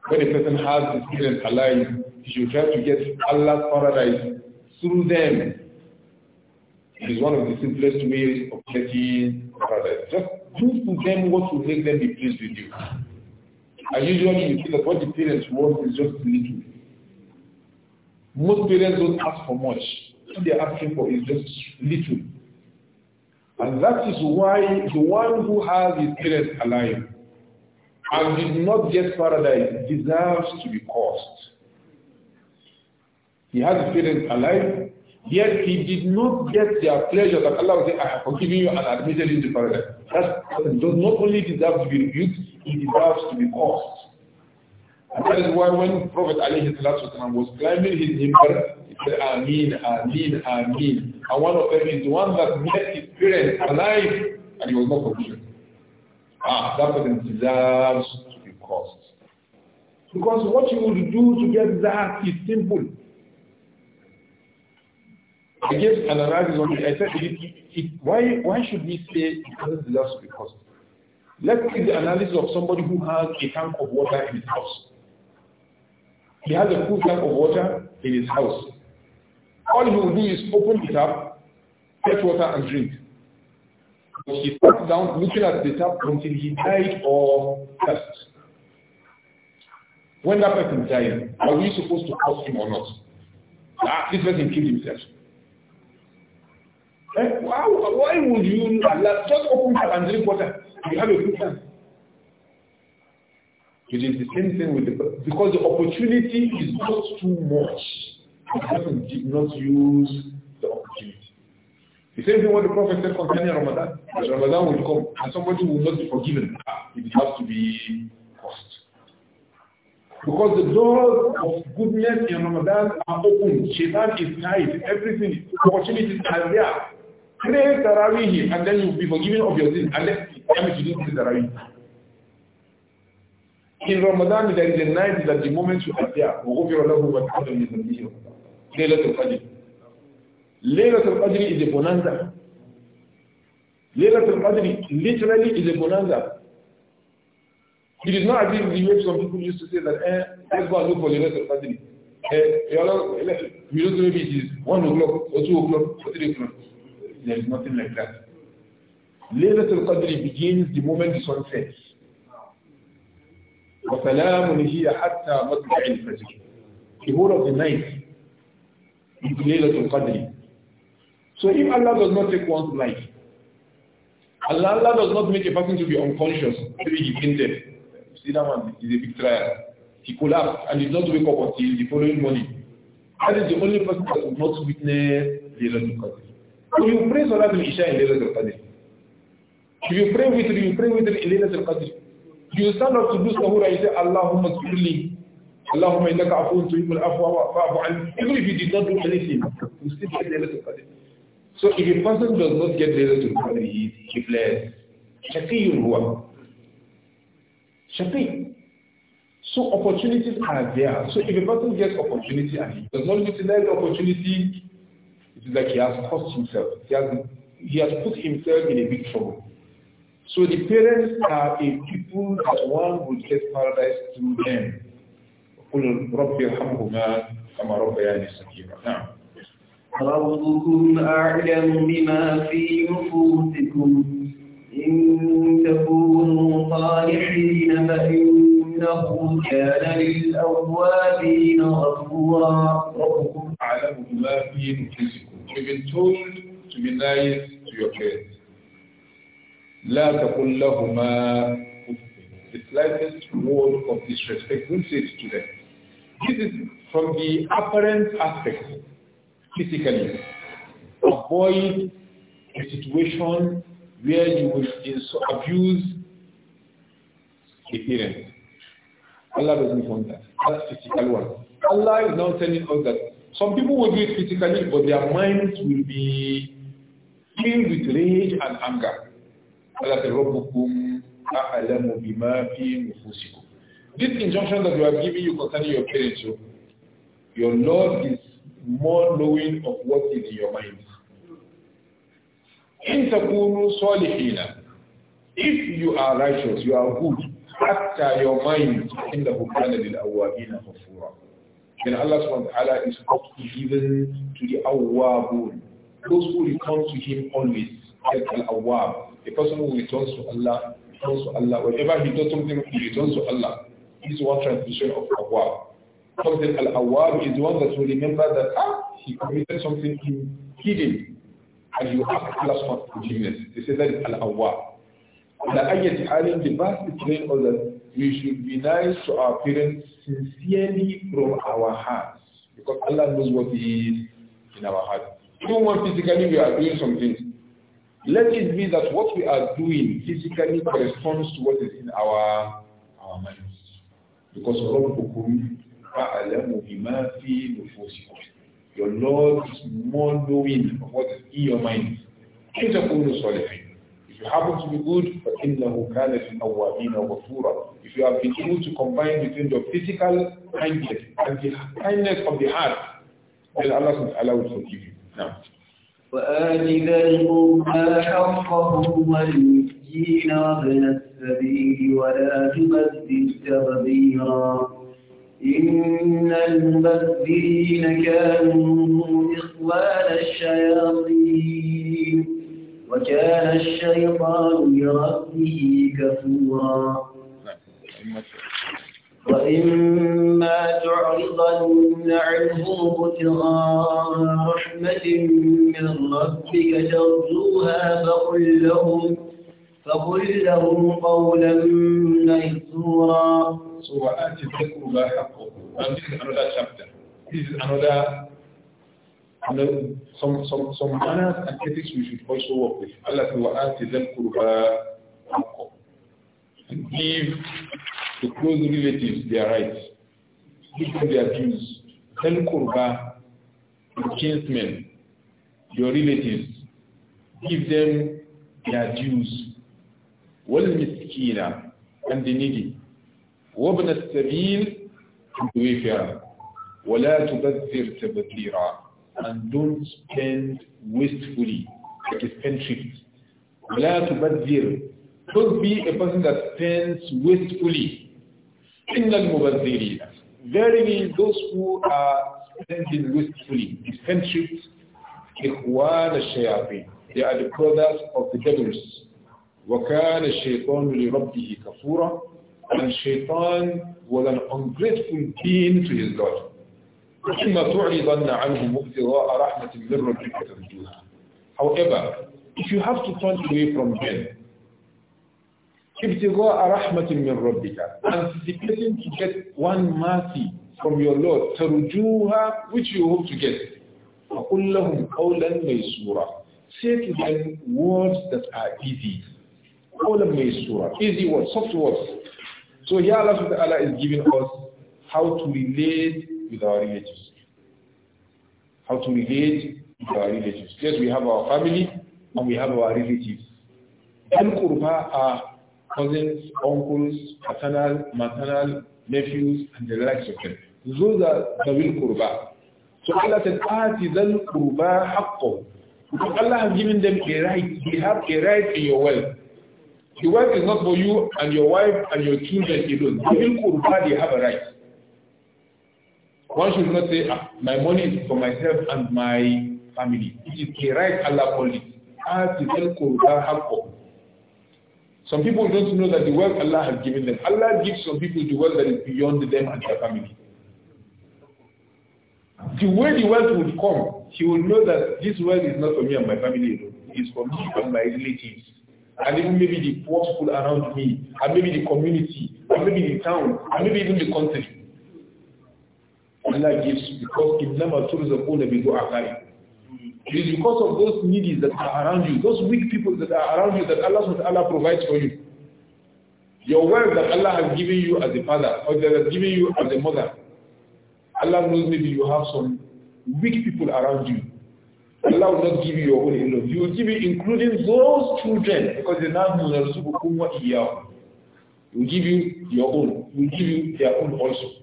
When a person has his parents alive, he should try to get Allah's paradise through them. It is one of the simplest ways of getting paradise. Just prove to them what will make them be pleased with you. And usually you see that what the parents want is just little. Most parents don't ask for much. What they're asking for is just little. And that is why the one who has his parents alive and did not get paradise deserves to be cursed. He has his parents alive Yet he did not get their pleasure that Allah will say, I have forgiven you and admitted you to paradise. That does not only deserve to be rebuked, he deserves to be cursed. And that is why when Prophet alayhi was climbing his himbar, he said, Ameen, Ameen, Ameen. And one of them is the one that met his parents alive and he was not forgiven. Ah, that person deserves to be cursed. Because what you will do to get that is simple. I gave analysis on it. I said, it, it, it, why, why should we say it doesn't last because? Let's take the analysis of somebody who has a tank of water in his house. He has a full tank of water in his house. All he will do is open the tap, fetch water and drink. But he sat down looking at the tap until he died or thirst. When that person died, are we supposed to curse him or not? Ah, this person killed himself. Eh, why would you just open up and drink water? You have a good time. It is the same thing with the because the opportunity is not too much. The person did not use the opportunity. The same thing what the Prophet said concerning Ramadan. That Ramadan will come and somebody will not be forgiven. Ah, it has to be forced. Because the doors of goodness in Ramadan are open. Shaitan is tied. Everything, opportunities are there pray Tarawih and then you'll be forgiven of your sins and then time to do Tarawih. In Ramadan, there is a night that the moment you are there, وَغُفِرَ لَهُ وَتَعَدَمْ يَزَمِّهِ Laylatul Qadr. Laylatul Qadr is a bonanza. Laylatul Qadr literally is a bonanza. It is not as if the way some people used to say that, eh, let's go and look for Laylatul Qadr. Eh, you know, we eh, don't know if it is 1 o'clock or 2 o'clock or 3 o'clock. There is nothing like that. Laylatul Qadr begins the moment sun sets. وَسَلَامٌ هِيَ حَتَّى مَطْلَعِ الْفَجْرِ The whole of the night is Laylatul Qadr. So if Allah does not take one's life, Allah, Allah does not make a person to be unconscious. Maybe he fainted. see that one is a big trial. He collapsed and did not wake up until the following morning. That is the only person that will not witness Laylatul Qadr. So you pray Salat al-Isha in Laylatul Qadr. If you pray with you pray with in Laylatul Qadr. You stand up to do sahura, you say, Allahumma zbirli, Allahumma innaka afoon tuhimul afwa wa afu Even if you did not do anything, you still get Laylatul Qadr. So if a person does not get Laylatul Qadr, he is hifless. Shaqiyun huwa. Shaqi. So opportunities are there. So if a person gets opportunity and he does not utilize the opportunity, it is like he has cost himself. He has, he has put himself in a big trouble. So the parents are a people that one would get paradise through them. ربكم أعلم بما في نفوسكم إن تكونوا صالحين فإنه كان للأوابين غفورا ربكم أعلم بما في نفوسكم You've been told to be nice to your parents. لا تقل the slightest word of disrespect. Don't say to them. This is from the apparent aspect, physically. Avoid a situation where you will abuse the parent. Allah doesn't want that. That's physical one. Allah is now telling us that some people will do it physically, but their minds will be filled with rage and anger. This injunction that we are giving you concerning your parents, oh, your Lord is more knowing of what is in your mind. if you are righteous you are good after your mind إنه كان then Allah subhanahu wa ta'ala is not given to the awwabun, those who return to him always, like al-awwab, the person who returns to Allah, returns to Allah. Whenever he does something, he returns to Allah. This is one transmission of awwab. then al-awwab is one that will remember that, ah, he committed something hidden, and you ask Allah subhanahu wa taala for forgiveness. They say that is al-awwab. The ayat alim, the vast explain all that we should be nice to our parents sincerely from our hearts. Because Allah knows what is in our heart. Even when physically we are doing something, let it be that what we are doing physically corresponds to what is in our our minds. Because Your Lord is more knowing of what is in your mind. you happen to be good, فَإِنَّهُ كَانَ في الأوابين غَفُورًا If you have been able to combine between your physical kindness and the kindness of the heart, then Allah will allow it to forgive you. Now. وآت ذا القربى حقه والمسكين وابن السبيل ولا تبذل تبذيرا إن المبذرين كانوا إخوان الشياطين وكان الشيطان لربه كفورا وإما تعرضن عنه ابتغاء رحمة من ربك ترجوها فقل لهم فقل لهم قولا ميسورا. سورة أنت have to حقه. أنت this is another And then some, some, some manners and ethics we should also work with. Allah says, وَآتِ ذَا الْقُرْبَى give the close relatives their rights. Give them their dues. ذَا Kurba, the kinsmen, your relatives, give them their dues. وَالْمِسْكِينَ And the needy. وَابْنَ Sabil And the wayfarer. وَلَا تُبَذِّرْ تَبَذِيرًا and don't spend wastefully, like a spendthrift. وَلَا تُبَذِّرْ Don't be a person that spends wastefully. إِنَّ الْمُبَذِّرِينَ Verily, those who are spending wastefully, the spendthrifts, إِخْوَانَ الشَّيَاطِينَ They are the brothers of the devils. وَكَانَ الشَّيْطَانُ لِرَبِّهِ كَفُورًا And Shaitan was an ungrateful being to his god. وإما تعرضن عنهم ابتغاء رحمة من ربك ترجوها However, if you have to turn away from them, ابتغاء رحمة من ربك anticipating to get one mercy from your Lord ترجوها which you hope to get فقل لهم قولا ميسورا say to them words that are easy قولا ميسورا easy words soft words so here Allah is giving us how to relate with our relatives. How to relate with our relatives. Yes, we have our family and we have our relatives. Then Qurba are cousins, uncles, paternal, maternal, nephews, and the likes of them. Those are the will Qurba. So Allah said, Ati Zal Qurba Allah has given them a right. They have a right in your wealth. The wealth is not for you and your wife and your children alone. The will Qurba, they have a right. One should not say, ah, my money is for myself and my family. It is the right Allah Some people don't know that the wealth Allah has given them. Allah gives some people the wealth that is beyond them and their family. The way the wealth will come, he will know that this wealth is not for me and my family alone. It is for me and my relatives. And even maybe the poor people around me, and maybe the community, and maybe the town, and maybe even the country. Allah gives because we go بِدُعَفَائِكُمْ it is because of those needies that are around you, those weak people that are around you, that Allah subhanahu provides for you. Your wealth that Allah has given you as a father, or that has given you as a mother. Allah knows maybe you have some weak people around you. Allah will not give you your own alone. He will give you including those children, because they now here. He will give you your own. He will give you their own also.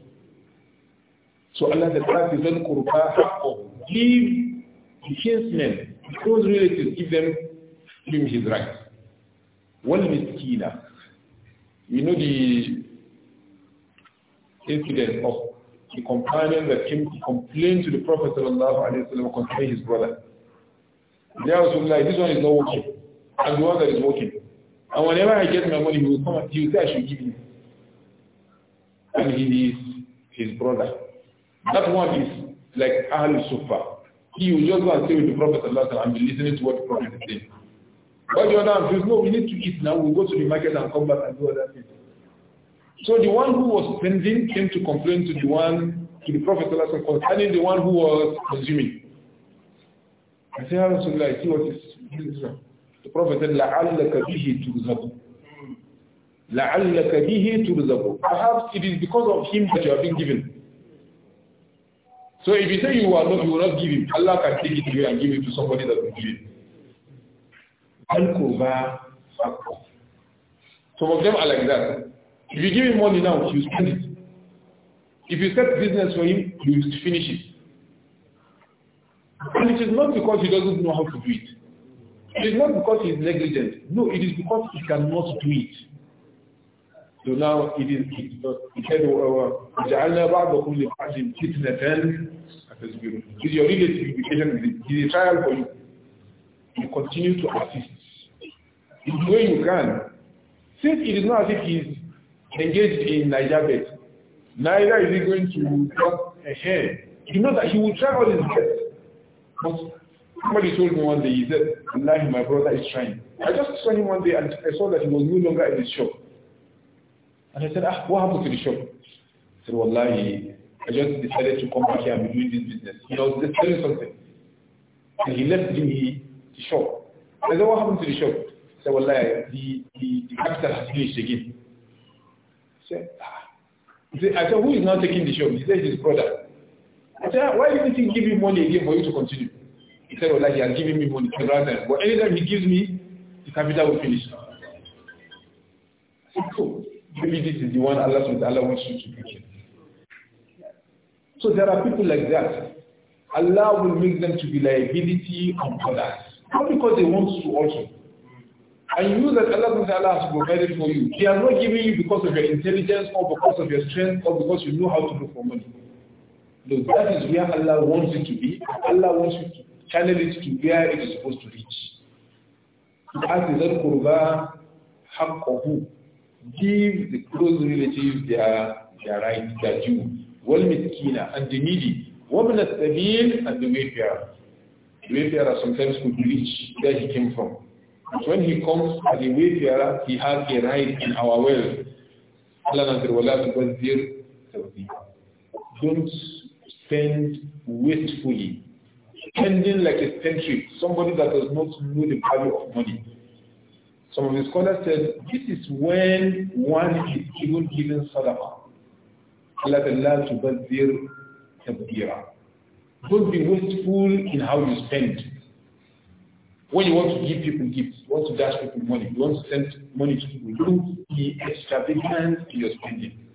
So Allah the Ta'ala is not Give the kinsmen, close relatives, give them him his right. One miskina. You know the incident of the companion that came to complain to the Prophet ﷺ concerning his brother. They was also like, this one is not working. And the one that is working. And whenever I get my money, he will come and he will say I should give him. And he is his brother. That one is like Ahl Sufa. He will just go and stay with the Prophet and be listening to what the Prophet is saying. But the other one says, no, we need to eat now. We'll go to the market and come back and do other things. So the one who was spending came to complain to the one, to the Prophet concerning the one who was consuming. I said Ya Rasulullah, I see what is, is The Prophet said, لَعَلَّكَ بِهِ تُرْزَبُ لَعَلَّكَ بِهِ تُرْزَبُ Perhaps it is because of him that you have been given. So if you say you are not, you will not give him. Allah can take it away and give it to somebody that will give it. Some of them are like that. If you give him money now, he will spend it. If you set business for him, he will finish it. And it is not because he doesn't know how to do it. It is not because he is negligent. No, it is because he cannot do it. So now it is it said وَجَعَلْنَا بَعْضَكُمْ لِبَعْضٍ فِتْنَةً أَتَزْبِرُونَ It's your education is a trial for you. You continue to assist. In the way you can. Since it is not as if he is engaged in Nigeria, neither is he going to drop a hair. You know that he will try all his best. But somebody told me one day, he said, Allah, my brother is trying. I just saw him one day and I saw that he was no longer in his shop. And I said, ah, what happened to the shop? He said, wallahi, I just decided to come back here and be doing this business. He was just telling something. And he left the, the shop. I said, what happened to the shop? He said, wallahi, the, the, the capital has finished again. He said, ah. I said, who is now taking the shop? He said, his brother. I said, ah, why didn't he give him money again for you to continue? He said, well, like, he has given me money several times. But anytime he gives me, the capital will finish. This it is the one Allah SWT wants you to do. So there are people like that. Allah will make them to be liability on others. Not because they want to also. And you that Allah Allah has provided for you, He has not giving you because of your intelligence or because of your strength or because you know how to look for money. No, that is where Allah wants it to be. Allah wants you to channel it to where it is supposed to reach. That is al-qurba haqqahu give the close relatives their, their rights, their due. والمسكينة and the needy. وابن السبيل and the wayfarer. The wayfarer sometimes could reach where he came from. But when he comes as a wayfarer, he has a right in our wealth. Allah Nazir Wala Don't spend wastefully. Spending like a spendthrift, somebody that does not know the value of money. Some of the scholars said this is when one is even given sadaqah. Don't be wasteful in how you spend. When you want to give people gifts, you want to dash people money, you want to send money to people, don't be extravagant in your spending.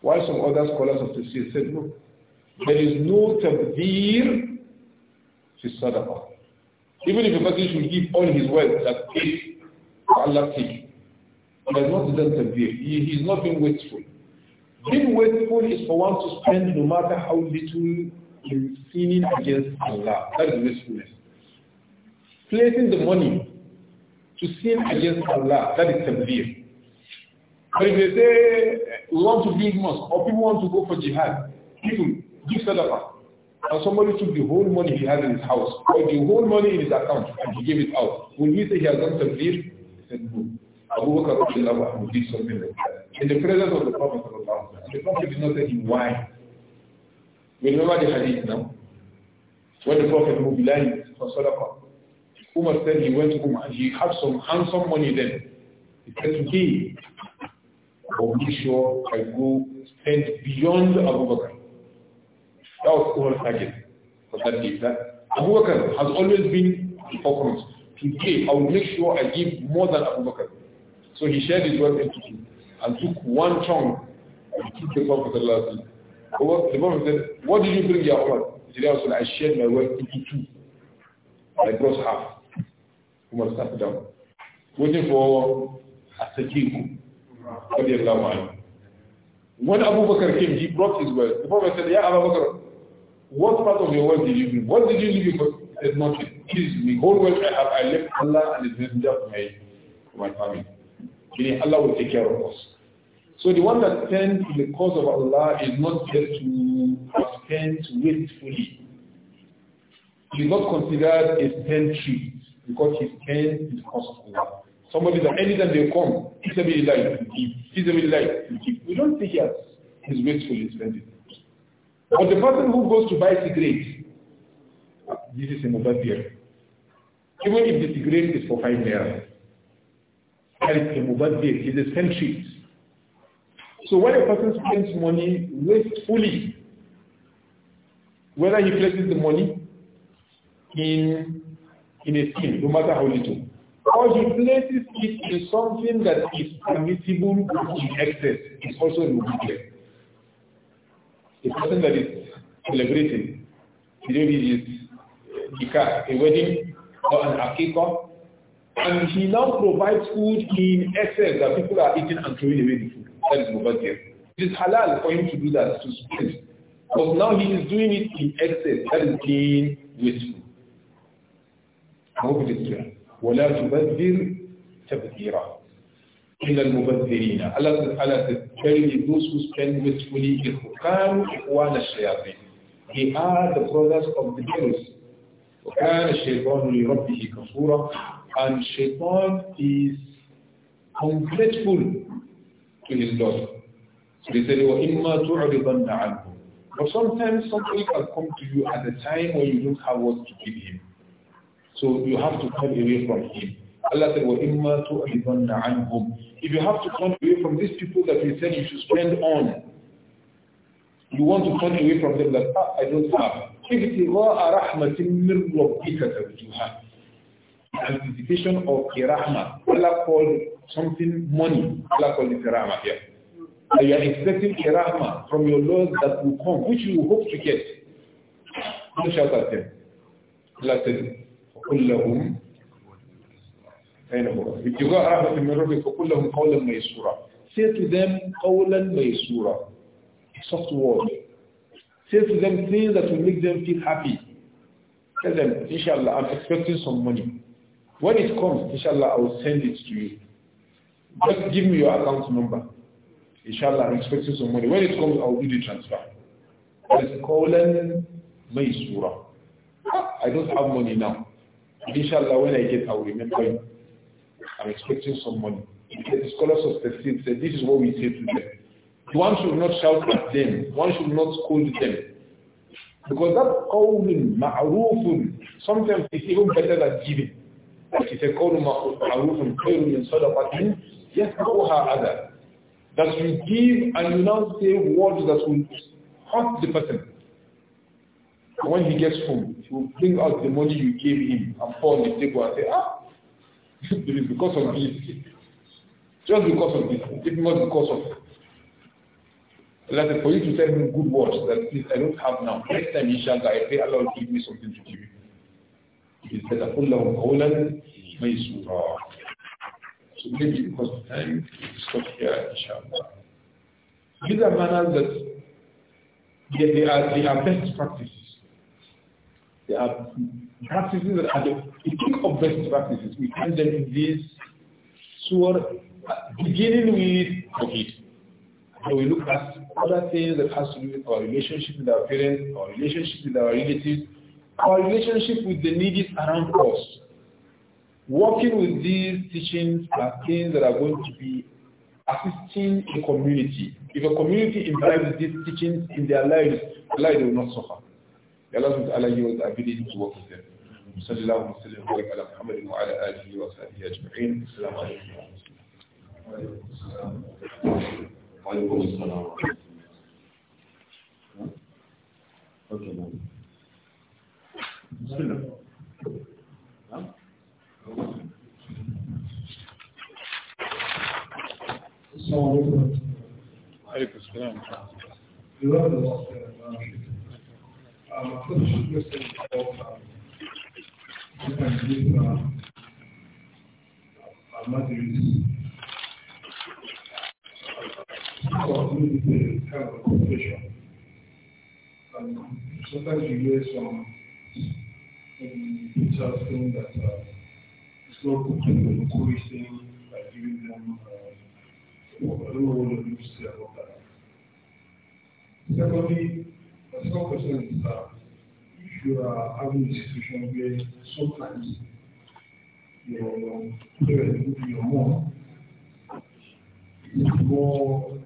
While some other scholars of the sea said, look, there is no tabdir to sadaqah. Even if a person should give all his wealth that is for Allah's sake, he has not done tabir. He, he is not being wasteful. Being wasteful is for one to spend no matter how little in sinning against Allah. That is wastefulness. Placing the money to sin against Allah, that is tabir. But if they say, we want to build mosque, or people want to go for jihad, people give sadaqah and somebody took the whole money he had in his house, or the whole money in his account, and he gave it out, will we say he has done some deal? He said, no. Abu Bakr did something like that. In the presence of the Prophet, and the Prophet did not tell him why. We remember the hadith now. When the Prophet mobilized for Sadaqah, Umar said he went home and he had some handsome money then. He said, today, I'll make sure I go spend beyond Abu Bakr. That was Umar Sakir for that day. That Abu Bakr has always been the focus. Today, I will make sure I give more than Abu Bakr. So he shared his wealth into two and took one chunk and took the Prophet Allah. The Prophet said, what did you bring, Ya Umar? He said, I shared my wealth into two. I brought half. Umar sat down, waiting for Asajiku. When Abu Bakr came, he brought his wealth. The Prophet said, Ya Abu Bakr, what part of your work did you give? What did you leave for? He said, nothing. Please, the whole work I have, I left Allah and His messenger for my, for my family. Meaning Allah will take care of us. So the one that tends to the cause of Allah is not there to spend wastefully. He is not considered a spend tree because he spends in the cause of Allah. Somebody that anytime they come, he's a light. he's a light. We don't see he has his wastefully spending. But the person who goes to buy cigarettes, this is another beer. Even if the cigarette is for five naira, that is a mobile beer, it's a century. So when a person spends money wastefully, whether he places the money in in a sin, no matter how little, or he places it in something that is permissible in excess, it's also a mobile beer the person that is celebrating, maybe his nikah, uh, a wedding or an akiko, and he now provides food in excess that people are eating and throwing away the food. That is mubadir. It is halal for him to do that, to spend. But now he is doing it in excess. That is being wasteful. I hope it is clear. وَلَا تُبَذِّرْ تَبْذِيرًا إلى المبذرين Allah Allah says those who spend wastefully كانوا إخوان الشياطين they are the brothers of the devils وكان الشيطان لربه كفورا and shaitan is ungrateful to his Lord so they said وإما تعرضن عنه but sometimes somebody can come to you at a time when you don't have what to give him so you have to turn away from him Allah said, وَإِمَّا تُؤْلِذَنَّ anhum. If you have to turn away from these people that we said you should spend on, you want to turn away from them that, ah, I don't have. ابتغاء رحمة من ربك ترجوها Anticipation of a Allah called something money. Allah called it a here. Yeah. You are expecting a from your Lord that will come, which you hope to get. Don't shout at them. Allah said, if you go رحمة من ربك كلهم قولا ميسورا. Say to them قولا ميسورا. Soft word. Say to them things that will make them feel happy. Tell them, inshallah, I'm expecting some money. When it comes, inshallah, I will send it to you. Just give me your account number. Inshallah, I'm expecting some money. When it comes, I will do the transfer. That is قولا ميسورا. Ah, I don't have money now. Inshallah, when I get, I will remember you. I'm expecting some money. The scholars of said, this is what we say to them. One should not shout at them. One should not scold them. Because that calling, ma'rufun, sometimes it's even better than giving. Like if a qawlun ma'rufun khayrun min sadaqatin, yasma'uha adha. That you give and you now say words that will hurt the person. When he gets home, he will bring out the money you gave him and fall on the table and say, ah, it is because of this. Just because of this. if not because of let it for you to tell me good words that please I don't have now. Next time shall I pray Allah will give me something to give you. It is better قل لهم قولا ميسورا. So maybe because of time stop here inshallah. These are manners that they, they, are, they are best practices. They are practices that are the we think of best practices. We find them in this sure beginning with COVID. So we look at other things that has to do with our relationship with our parents, our relationship with our relatives, our relationship with the needs around us. Working with these teachings are things that are going to be assisting the community. If a community imbibes these teachings in their lives, their lives will not suffer. Allah gives us the ability to work with them. وصلى الله وسلم وبارك على محمد وعلى آله وصحبه أجمعين السلام عليكم ورحمة الله وعليكم السلام ورحمة الله بسم الله السلام عليكم وعليكم السلام ورحمة الله. you give uh, kind of confession. sometimes you hear some in teachers saying that uh, it's not good to be Christian by giving them, uh, I don't know what you say about that. Secondly, the second question is uh, you are having a situation where sometimes your parent, your mom, is more,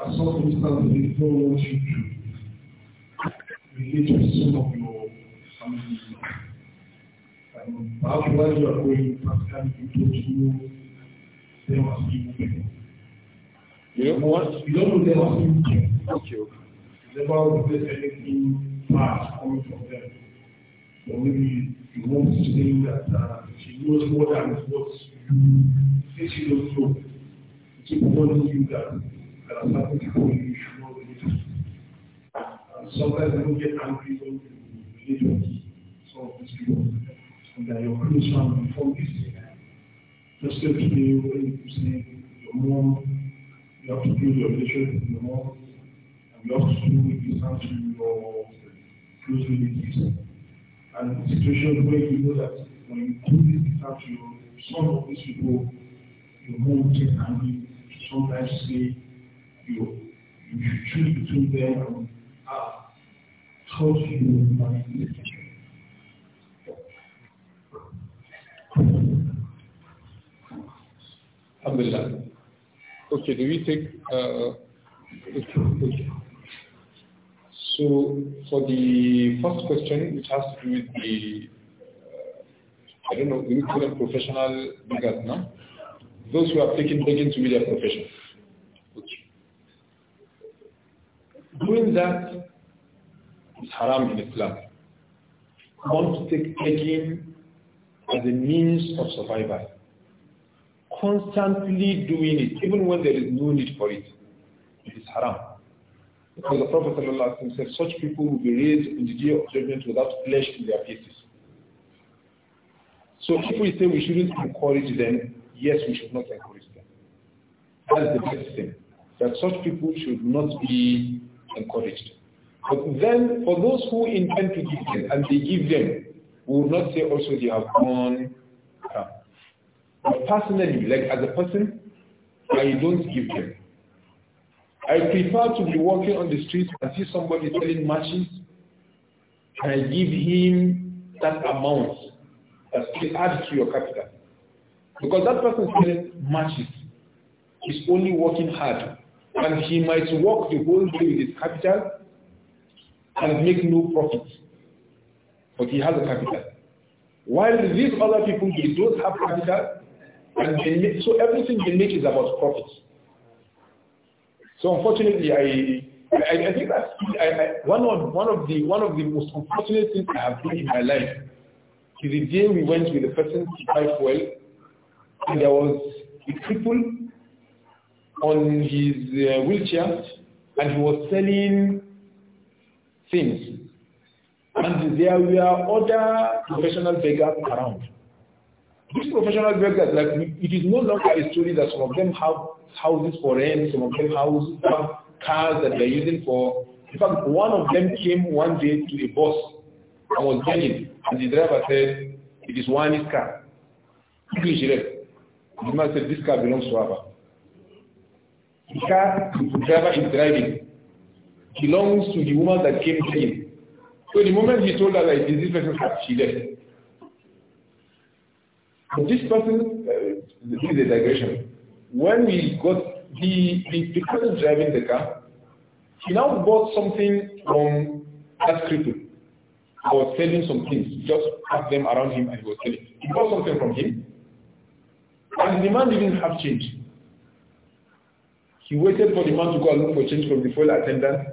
at some instance, they don't want you to relate with some of your family. And perhaps while you are going, practically you don't know them as evil people. You know what? You don't know them as evil people. Thank you. Never regret anything fast coming from them. or maybe you want to say that uh, she knows more than what you think she knows. So keep warning you that there are certain people you should not relate to. And sometimes you get angry when you relate to some of these people. And that your close family from this just like today when you say your mom, you have to build your relationship with your mom, and you have to do with this to your le And situation where you know that when you do this some of these people, sometimes say you you choose between them ah, Okay, do we take uh, So for the first question, which has to do with the, uh, I don't know, we call them professional beggars, no? Those who have taken begging to be their profession. Doing that is haram in Islam. Want to take begging as a means of survival. Constantly doing it, even when there is no need for it, it is haram. Because the Prophet said, such people will be raised in the day of judgment without flesh in their faces. So if we say we shouldn't encourage them, yes, we should not encourage them. That's the best thing, that such people should not be encouraged. But then for those who intend to give them and they give them, we will not say also they have gone But personally, like as a person, I don't give them. I prefer to be walking on the street and see somebody selling matches and I give him that amount that still adds to your capital. Because that person selling matches is only working hard and he might work the whole day with his capital and make no profit. But he has a capital. While these other people, they don't have capital and they make, so everything they make is about profit. So unfortunately, I, I, I think that's I, I, one of one of the one of the most unfortunate things I have done in my life is the day we went with the person to buy fuel, and there was a cripple on his uh, wheelchair, and he was selling things. And there were other professional beggars around. These professional beggars, like it is no longer a story that some of them have houses for rent, some of them have cars that they're using for. In fact, one of them came one day to a bus and was yelling, and the driver said, "It is one car." English The man said, "This car belongs to Abba." The car the driver is driving belongs to the woman that came to him. So the moment he told her that it is this person's car, she left. But this person, uh, this is a digression. When we got the, the, the person driving the car, he now bought something from that cripple or selling some things. just had them around him and he was selling. He bought something from him. And the man didn't have change. He waited for the man to go and look for change from the fuel attendant.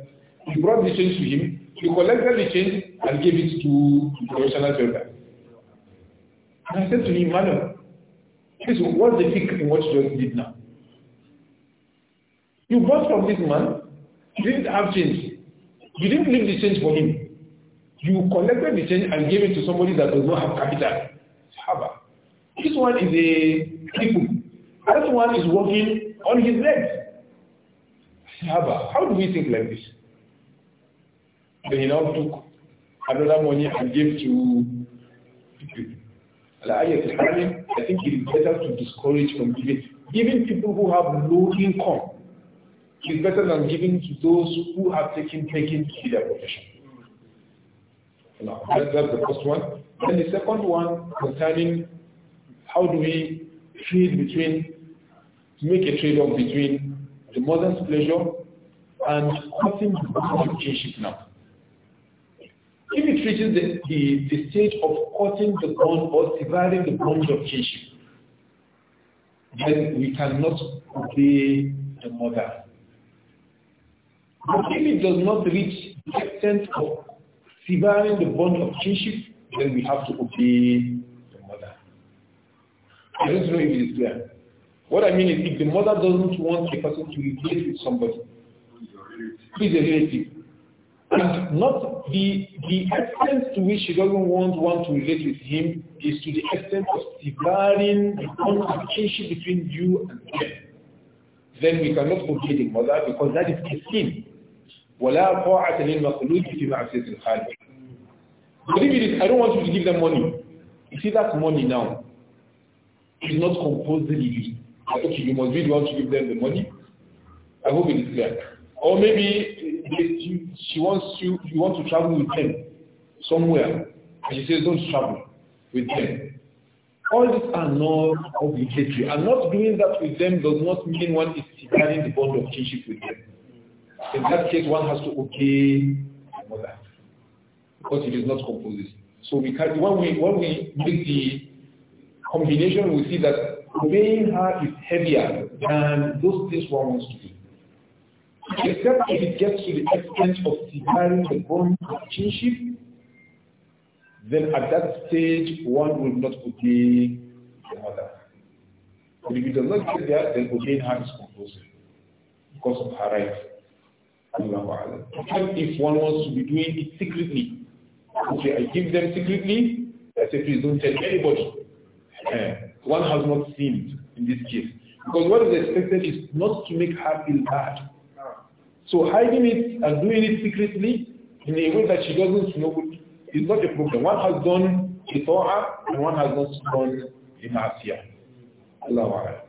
He brought the change to him. He collected the change and gave it to the professional vendor. And I said to him, Madam, please, what's the kick in what you just did now? You bought from this man, you didn't have change. You didn't leave the change for him. You collected the change and gave it to somebody that does not have capital. Sahaba. This one is a cripple. That one is walking on his legs. Sahaba, how do we think like this? Then he now took another money and gave to I think it is better to discourage from giving. Giving people who have low income is better than giving to those who have taken taking to their profession. Now, that's the first one. Then the second one concerning how do we trade between, make a trade-off between the mother's pleasure and cutting the relationship now. If it reaches the, the, the stage of cutting the bond or severing the bond of kinship, then we cannot obey the mother. But if it does not reach the extent of severing the bond of kinship, then we have to obey the mother. I don't know if it is clear. What I mean is if the mother doesn't want a person to relate with somebody, please a relative. And not the, the extent to which he doesn't want one to relate with him is to the extent of severing the communication between you and him. Then we cannot forgive him, for that because that is a sin. But if it is, I don't want you to give them money. You see, that money now is not compulsory. Okay, you must be the one to give them the money. I hope it is clear. Or maybe she, she wants you, you want to travel with them somewhere, and she says, don't travel with them. All these are not obligatory. And not doing that with them does not mean one is declining the bond of kinship with them. In that case, one has to obey mother because it is not composed. So we can, when we when we make the combination, we see that obeying her is heavier than those things one wants to do except if it gets to the extent of severing the bond of kinship, then at that stage one will not obey the mother. But if it does not get there, then obeying her is compulsory because of her right. And if one wants to be doing it secretly. Okay, I give them secretly, I say please don't tell anybody. Uh, one has not sinned in this case. Because what is expected is not to make her feel bad. So hiding it and doing it secretly in a way that she doesn't know is not a problem. One has done a ta'ah and one has not done a ma'asiyah. Allah wa'ala.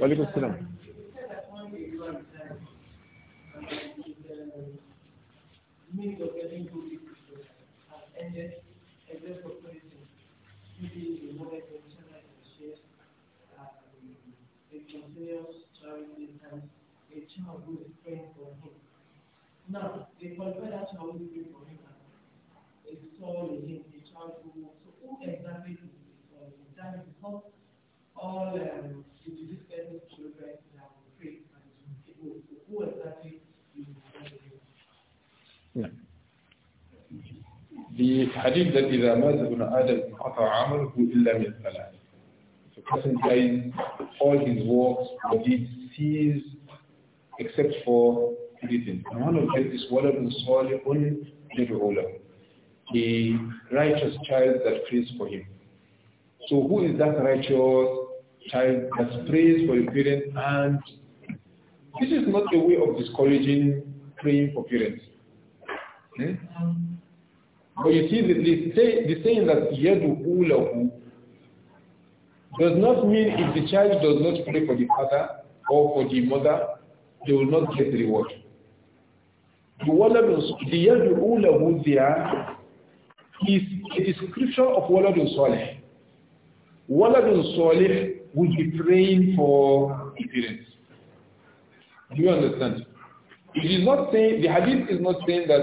وعليكم السلام Need to Now, the confederate shall only for him and install in him a child who So, who exactly is install him? That is not all um, the children that will pray and So, who exactly is install him? Yeah the hadith that إذا مات ابن آدم انقطع عمله إلا من ثلاث. If a person dies, all his works or deeds cease except for three things. And one of them is وَلَدٌ صَالِحٌ يَدْعُو لَهُ The righteous child that prays for him. So who is that righteous child that prays for your parents? And this is not a way of discouraging praying for parents. Hmm? But you see, the, the, say, the saying that yadu does not mean if the child does not pray for the father or for the mother, they will not get reward. The yadu ulahu there is a description of waladun salih. Waladun salih would be praying for parents. Do you understand? It is not saying, the hadith is not saying that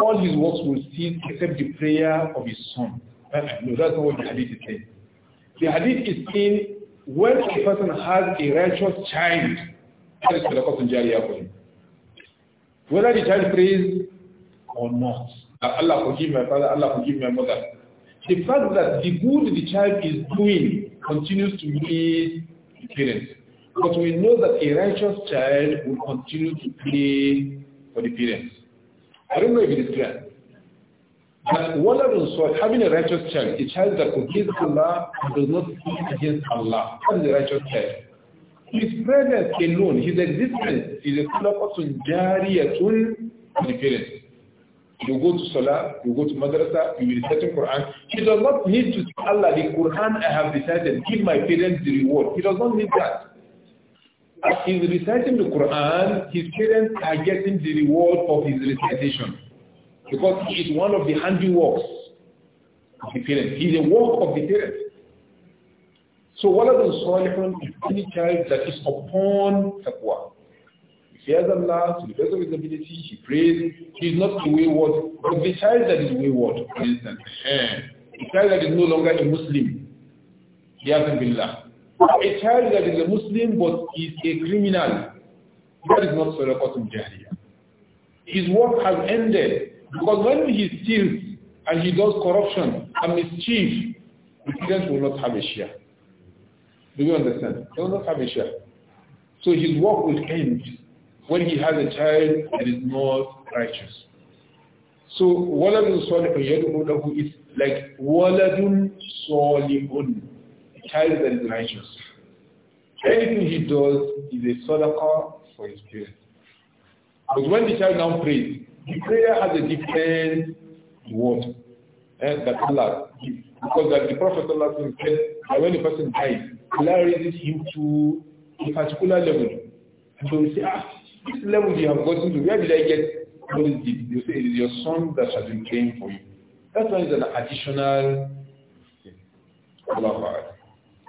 all his works will cease except the prayer of his son. Uh, uh, no, that's not what the hadith is saying. The hadith is saying when a person has a righteous child, Whether the child prays or not, uh, Allah forgive my father, Allah forgive my mother. The fact that the good the child is doing continues to be parents. But we know that a righteous child will continue to pray for the parents. I don't know if it is clear. But Wallarun so having a righteous child, a child that obeys Allah and does not sin against Allah, that is a righteous child. His presence alone, his existence is a kulafatun jariyatun for the parents. You go to Salah, you go to Madrasa, you will recite the Quran. He does not need to say, Allah, the Quran I have decided, give my parents the reward. He does not need that. As he's reciting the Quran, his parents are getting the reward of his recitation. Because he is one of the handiworks of the parents. He is a work of the parents. So waladun salihun is any child that is upon taqwa. He fears Allah to the best of his ability, he prays, he is not wayward. But the child that is wayward, for instance, eh, the child that is no longer a Muslim, he hasn't been laughed. A child that is a Muslim but is a criminal, that is not Sadaqatul Jahiliyyah. His work has ended because when he steals and he does corruption and mischief, the students will not have a share. Do you understand? They will not have a share. So his work will end when he has a child that is not righteous. So وَلَدٌ صَالِحٌ يَدْعُ لَهُ is like وَلَدٌ صَالِحٌ child and righteous. Anything he does is a sadaqah for his parents. But when the child now prays, the prayer has a different word eh, that Allah gives. Because like the Prophet Allah said that when a person dies, Allah raises him to a particular level. And so we say, ah, this level you have gotten to, where did I get What is this You say, it is your son that has been praying for you. That one is an additional thing. Allah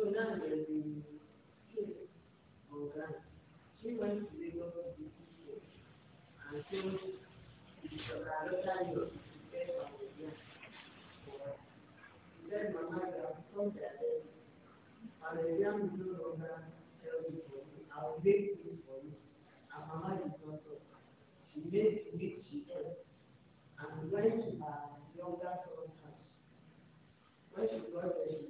So now there's the case on Ghana. She went to Lagos to be teacher and so another year to prepare for the year for her. She said, Mama, you have come there eh? and the young is no longer healthy for me. I will make things for you. And Mama is not so. She made meat she ate and went to her younger son's house. When she got there, she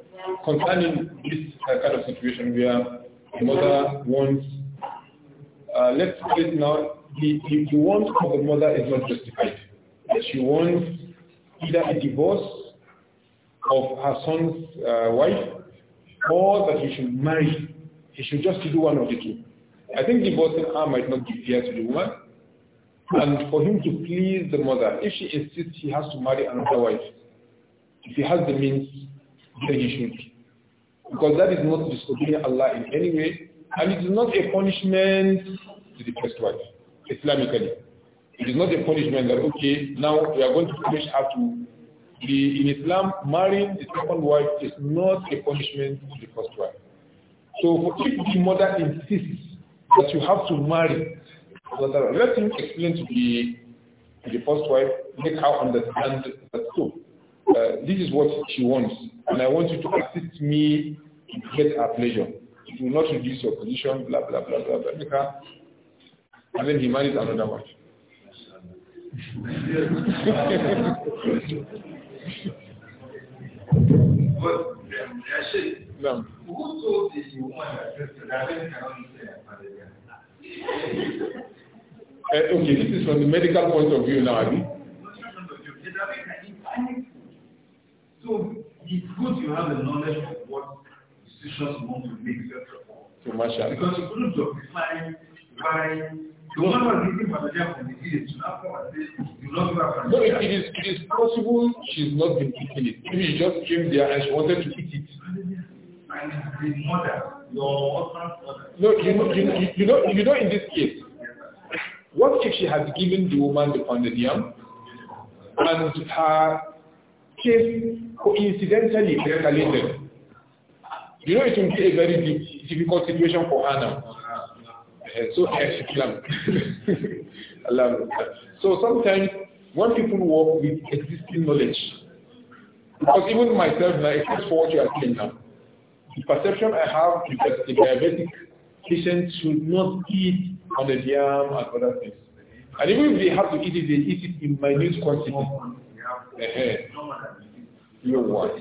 concerning this uh, kind of situation where the mother wants, uh, let's put it now, the, the, the want of the mother is not justified. She wants either a divorce of her son's uh, wife or that he should marry. He should just do one of the two. I think divorcing her might not be fair to the woman. And for him to please the mother, if she insists he has to marry another wife, if he has the means, then he should. Because that is not disobeying Allah in any way, and it is not a punishment to the first wife, Islamically. It is not a punishment that, okay, now we are going to punish her to be in Islam. Marrying the second wife is not a punishment to the first wife. So if the mother insists that you have to marry, let him explain to the, to the first wife, make her understand that so uh, this is what she wants, and I want you to assist me to get her pleasure. It will not reduce your position, blah, blah, blah, blah, blah. And then he marries another one. but, um, no. Um, who told this woman that cannot uh, okay, this is from the medical point of view now, Abby. So it's good you have the knowledge of what decisions you want to make, etc. So because you couldn't justify why the one was eating Patagia from No, it is, it is possible she's not been eating it. Maybe she just came there and she wanted to eat it. And his mother, No, you know, you, know, you know, you know in this case, what if she has given the woman the pounded and her case coincidentally escalated. You know, it will be a very difficult situation for her now. So, so sometimes when people work with existing knowledge, because even myself now, except for what you are saying now, the perception I have is that the diabetic patients should not eat on the jam and other things. And even if they have to eat it, they eat it in minute quantity. Uh -huh. You what?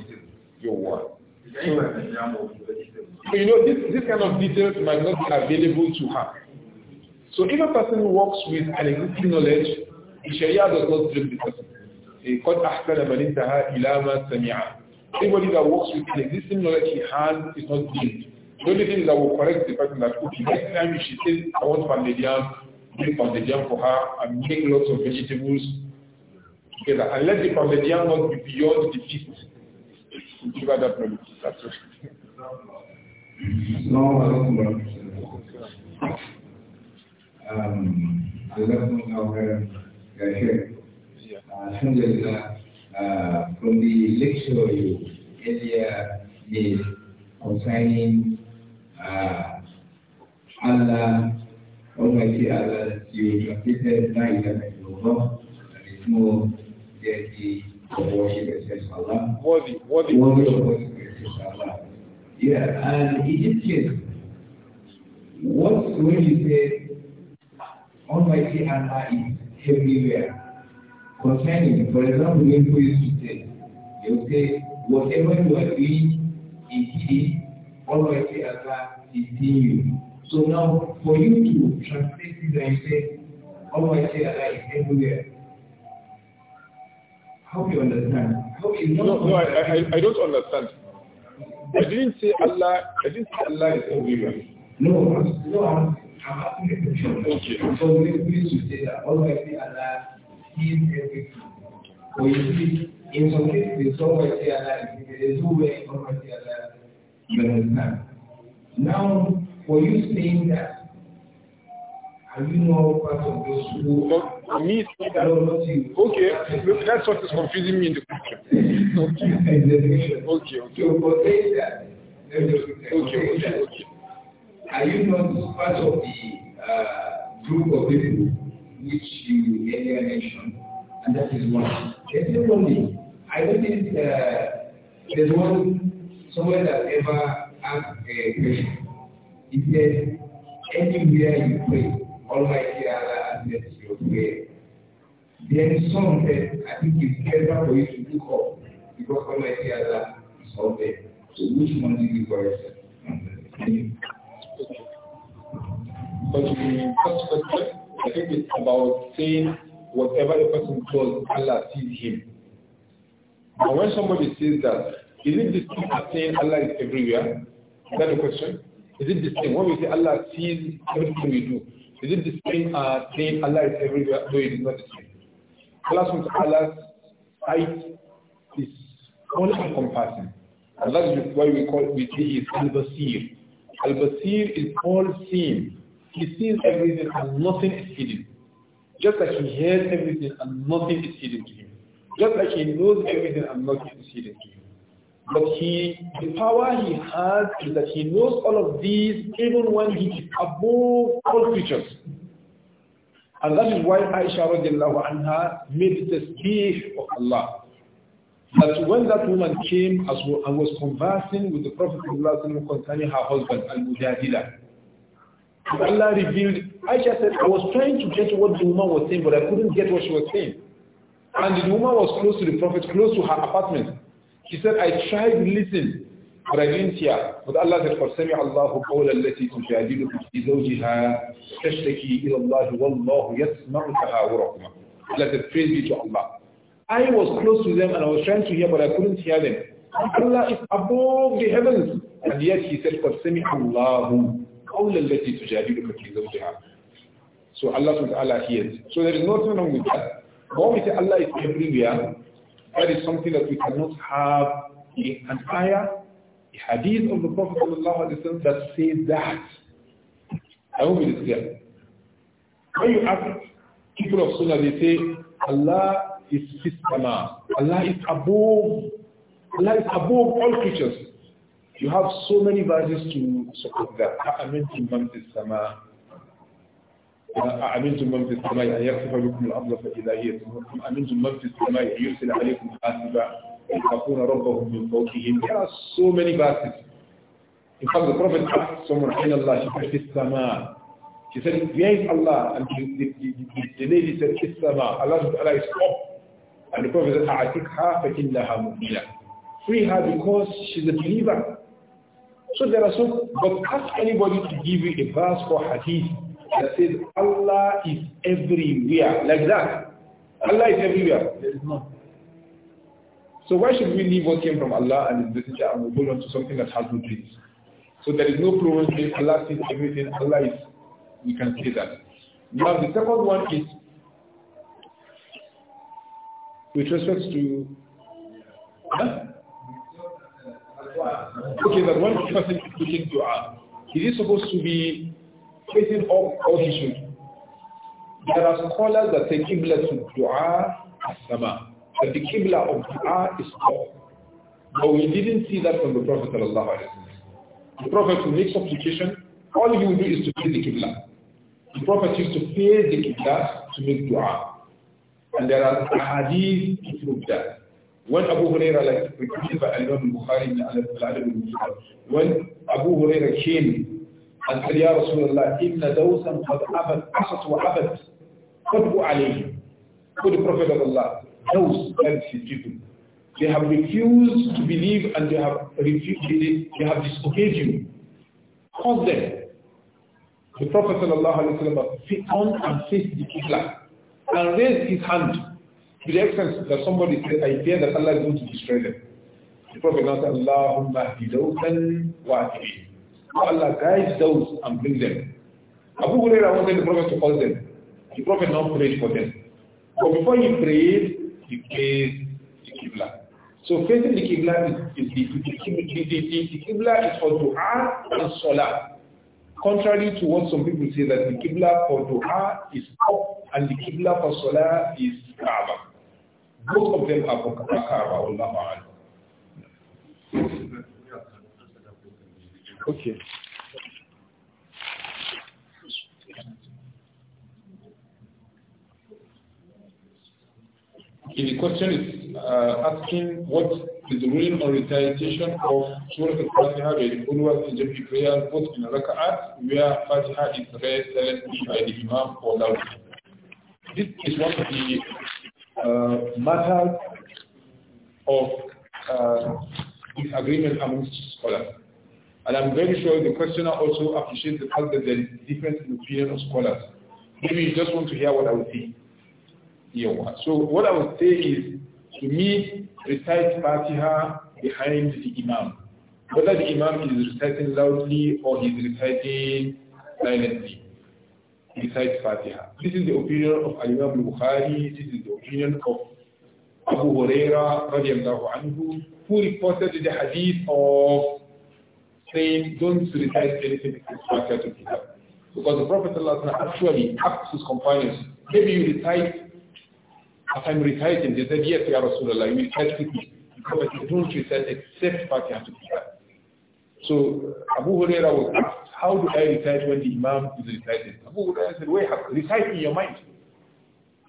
You what? So, you know, this, this kind of details might not be available to her. So if a person works with an existing knowledge, the Sharia does not drill the person. قد أحسن من انتهى إلى ما that works with an existing knowledge he has is not drilled. The only thing that will correct the person that okay, next time she says, I want pandedian, make pandedian for her and make lots of vegetables together, and let the custodian not be beyond the feast. You got um, uh, that knowledge. That's right. No, um, the lesson of uh, here. Yeah. Alhamdulillah, uh, from the lecture you earlier did concerning uh, Allah, Almighty Allah, you translated 9 11 It's more yake worthy worthy worthy of worship ga Allah yeah and Egyptian what when you say Almighty Allah is everywhere concerning for example when you used to say you say whatever you are doing indeed Almighty Allah is in you so now for you to translate this and say Almighty Allah is everywhere Hope you understand. Hope you know. No, no I, I, I don't understand. I didn't say Allah. I didn't say Allah is everywhere. No, no, I'm, I'm asking a question. Okay. So we please to say that Almighty Allah is everything. Or you see, in some cases, Almighty Allah is there's no way Almighty Allah. You understand? Now, for you saying that have you not part of those no, me, okay, that's what is confusing me in the question. okay. okay, okay. So Okay, okay, okay. Are you not part of the uh, group of people which you earlier mentioned? And that is one. And secondly, I don't think uh, there's one someone that ever asked a question. He said, anywhere you pray, Almighty Allah and let your way. Then some that I think it's better for you to look up because Almighty Allah is all there. So which one do you go yourself? But the first question, I think it's about saying whatever the person does, Allah sees him. And when somebody says that, isn't this thing saying Allah is everywhere? Is that the question? Is it the same? When we say Allah sees everything we do, is it the same uh, thing? Allah is everywhere, doing? it is not the same. Allah subhanahu wa sight is only encompassing. And that is why we call we say is Al-Basir. Al-Basir is all seen. He sees everything and nothing is hidden. Just like he hears everything and nothing is hidden to him. Just like he knows everything and nothing is hidden to him. But he, the power he has is that he knows all of these even when he is above all creatures. And that is why Aisha radiallahu anha made this speech of Allah. That when that woman came as well and was conversing with the Prophet concerning her husband, Al-Mujadila, Allah revealed, Aisha said, I was trying to get what the woman was saying, but I couldn't get what she was saying. And the woman was close to the Prophet, close to her apartment. She said, I tried to listen, but I didn't hear. But Allah said, فَسَمِعَ اللَّهُ قَوْلَ الَّتِي تُجَادِلُكُمْ فِي زَوْجِهَا تَشْتَكِي إِلَى اللَّهِ وَاللَّهُ يَسْمَعُ تَهَاوُرَكُمَا Allah said, praise be to Allah. I was close to them and I was trying to hear, but I couldn't hear them. Allah is above the heavens. And yet he said, فَسَمِعَ اللَّهُ قَوْلَ الَّتِي تُجَادِلُكُمْ فِي زَوْجِهَا So Allah subhanahu wa hears. So there is nothing wrong with that. But when we say Allah is everywhere, that is something that we cannot have in an ayah, a hadith of the Prophet ﷺ that says that. I hope it is clear. When you ask people of Sunnah, they say, Allah is Fisama. Allah is above. Allah is above all creatures. You have so many verses to support that. I مَنْ فِي السَّمَاءِ أأمنتم من في السماء أن يخسف بكم الأرض فإذا هي تموت أم أمنتم من في السماء أن يرسل عليكم حاسبا يخافون ربهم من فوقهم There are so many verses In fact, the Prophet asked someone, "Ain Allah?" She said, "Sama." She said, "Where is Allah?" And the, the, the, the lady said, "Sama." Allah said Allah is up. And the Prophet said, "Aatikha fakinnaha mu'mina." Free her because she's a believer. So there are so, but ask anybody to give you a verse for hadith that says Allah is everywhere, like that. Allah is everywhere. There is So why should we leave what came from Allah and His Messenger and we hold on to something that has no roots? So there is no proven place. Allah sees everything. Allah is, we can say that. Now the second one is with respect to huh? okay that one person is speaking uh, Is It is supposed to be facing off altitude. There are scholars that say Qibla to Dua sama That the Qibla of Dua is up. But we didn't see that from the Prophet The Prophet will make supplication. All he will do is to face the Qibla. The Prophet used to face the Qibla to make Dua. And there are hadith to prove that. When Abu Huraira, like reported by Imam Bukhari in Al-Adab al when Abu Huraira came and said, Ya Rasulullah, inna dawsan qad abad, asat wa abad, qadbu alayhi. To the Prophet of Allah, those that people. They have refused to believe and they have refused, they have disobeyed you. Cause them. The Prophet sallallahu fit on and face the Qibla and raise his hand to the extent that somebody said, I fear that Allah is going to destroy them. The Prophet now said, Allahumma hdi dawsan wa atibin. Allah guides those and brings them. Abu Huraira wanted the Prophet to call them. The Prophet now prayed for them. But before he prayed, he faced the Qibla. So facing the Qibla is, is the, the, the, the, Qibla is for dua and salah. Contrary to what some people say that the Qibla for dua is up and the Qibla for salah is Kaaba. Both of them are for Kaaba, Allah Okay. the question is uh, asking what is the ruling or recitation of Surah Al-Fatiha with Ulwas in Jeffrey prayer both in Raka'at where Fatiha is read silently by the Imam or loudly. This is one of the uh, matters of uh, disagreement amongst scholars. And I'm very sure the questioner also appreciates the fact that there is difference in opinion of scholars. Maybe you just want to hear what I would say. Yeah. So what I would say is, to me, recite Fatiha behind the Imam. Whether the Imam is reciting loudly or he's reciting silently. Recite Fatiha. This is the opinion of Imam Bukhari. This is the opinion of Abu Huraira, radiallahu anhu, who reported the hadith of claim, don't recite anything that is contrary to Kitab. Because the Prophet actually asked his companions, maybe you recite, as I'm reciting, they said, yes, Ya Rasulullah, you recite quickly. Because you don't recite except Fatiha to Kitab. So Abu Huraira was asked, how do I recite when the Imam is reciting? Abu Huraira said, wait, recite in your mind.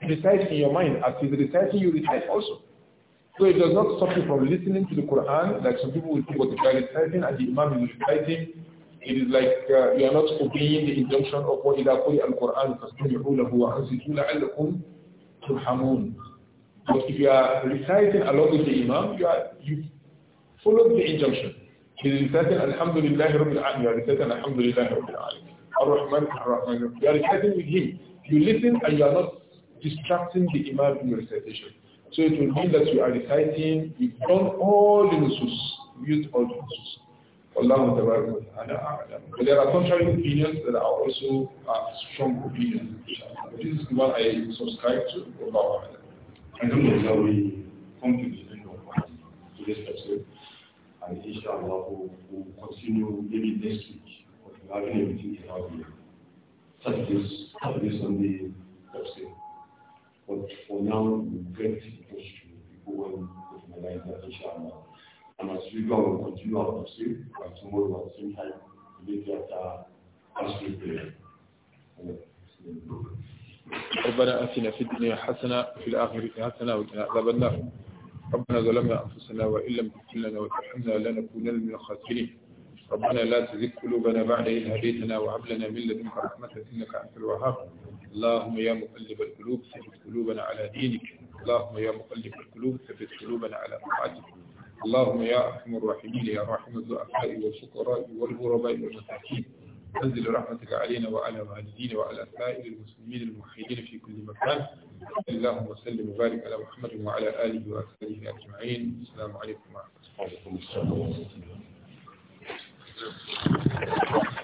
Recite in your mind. As he's reciting, you recite also. So it does not stop you from listening to the Quran, like some people will think what the guy is reciting and the Imam is reciting. It is like uh, you are not obeying the injunction of what إِذَا قُلِئَ الْقُرْآنُ Quran لَهُ وَأَنْصِتُوا لَعَلَّكُمْ تُرْحَمُونَ But if you are reciting along with the Imam, you, are, you follow the injunction. He is reciting Alhamdulillah Rabbil Alamin. You are reciting Alhamdulillah Rabbil Alamin. Ar-Rahman, Ar-Rahman. You are reciting with him. You listen and you are not distracting the Imam in your recitation. So it will mean that you are reciting, you've done all the nusus, used all the nusus. But there are contrary opinions that are also uh, strong opinions. This is the one I subscribe to. About. I don't know shall we come to the end of this episode. And inshallah, we'll, we continue maybe next week. We're having everything in our year. Saturdays, Saturdays, Sunday, Thursday. But for now, we'll get pour une finalisation inchallah. À la suivante, on continue à avancer. À ce moment-là, c'est une taille. Il est à acheter. ربنا أتنا في الدنيا حسنة وفي الآخرة حسنة وقنا عذاب النار ربنا ظلمنا أنفسنا وإن لم تغفر لنا وترحمنا لنكونن من الخاسرين ربنا لا تزغ قلوبنا بعد إذ هديتنا وهب لنا من لدنك رحمة إنك أنت الوهاب اللهم يا مقلب القلوب ثبت قلوبنا على دينك اللهم يا مقلب القلوب ثبت قلوبنا على طاعتك اللهم يا أرحم الراحمين يا راحم الضعفاء والفقراء والغرباء والمساكين أنزل رحمتك علينا وعلى والدينا وعلى سائر المسلمين الموحدين في كل مكان اللهم وسلم وبارك على محمد وعلى آله وأصحابه أجمعين السلام عليكم ورحمة الله وبركاته được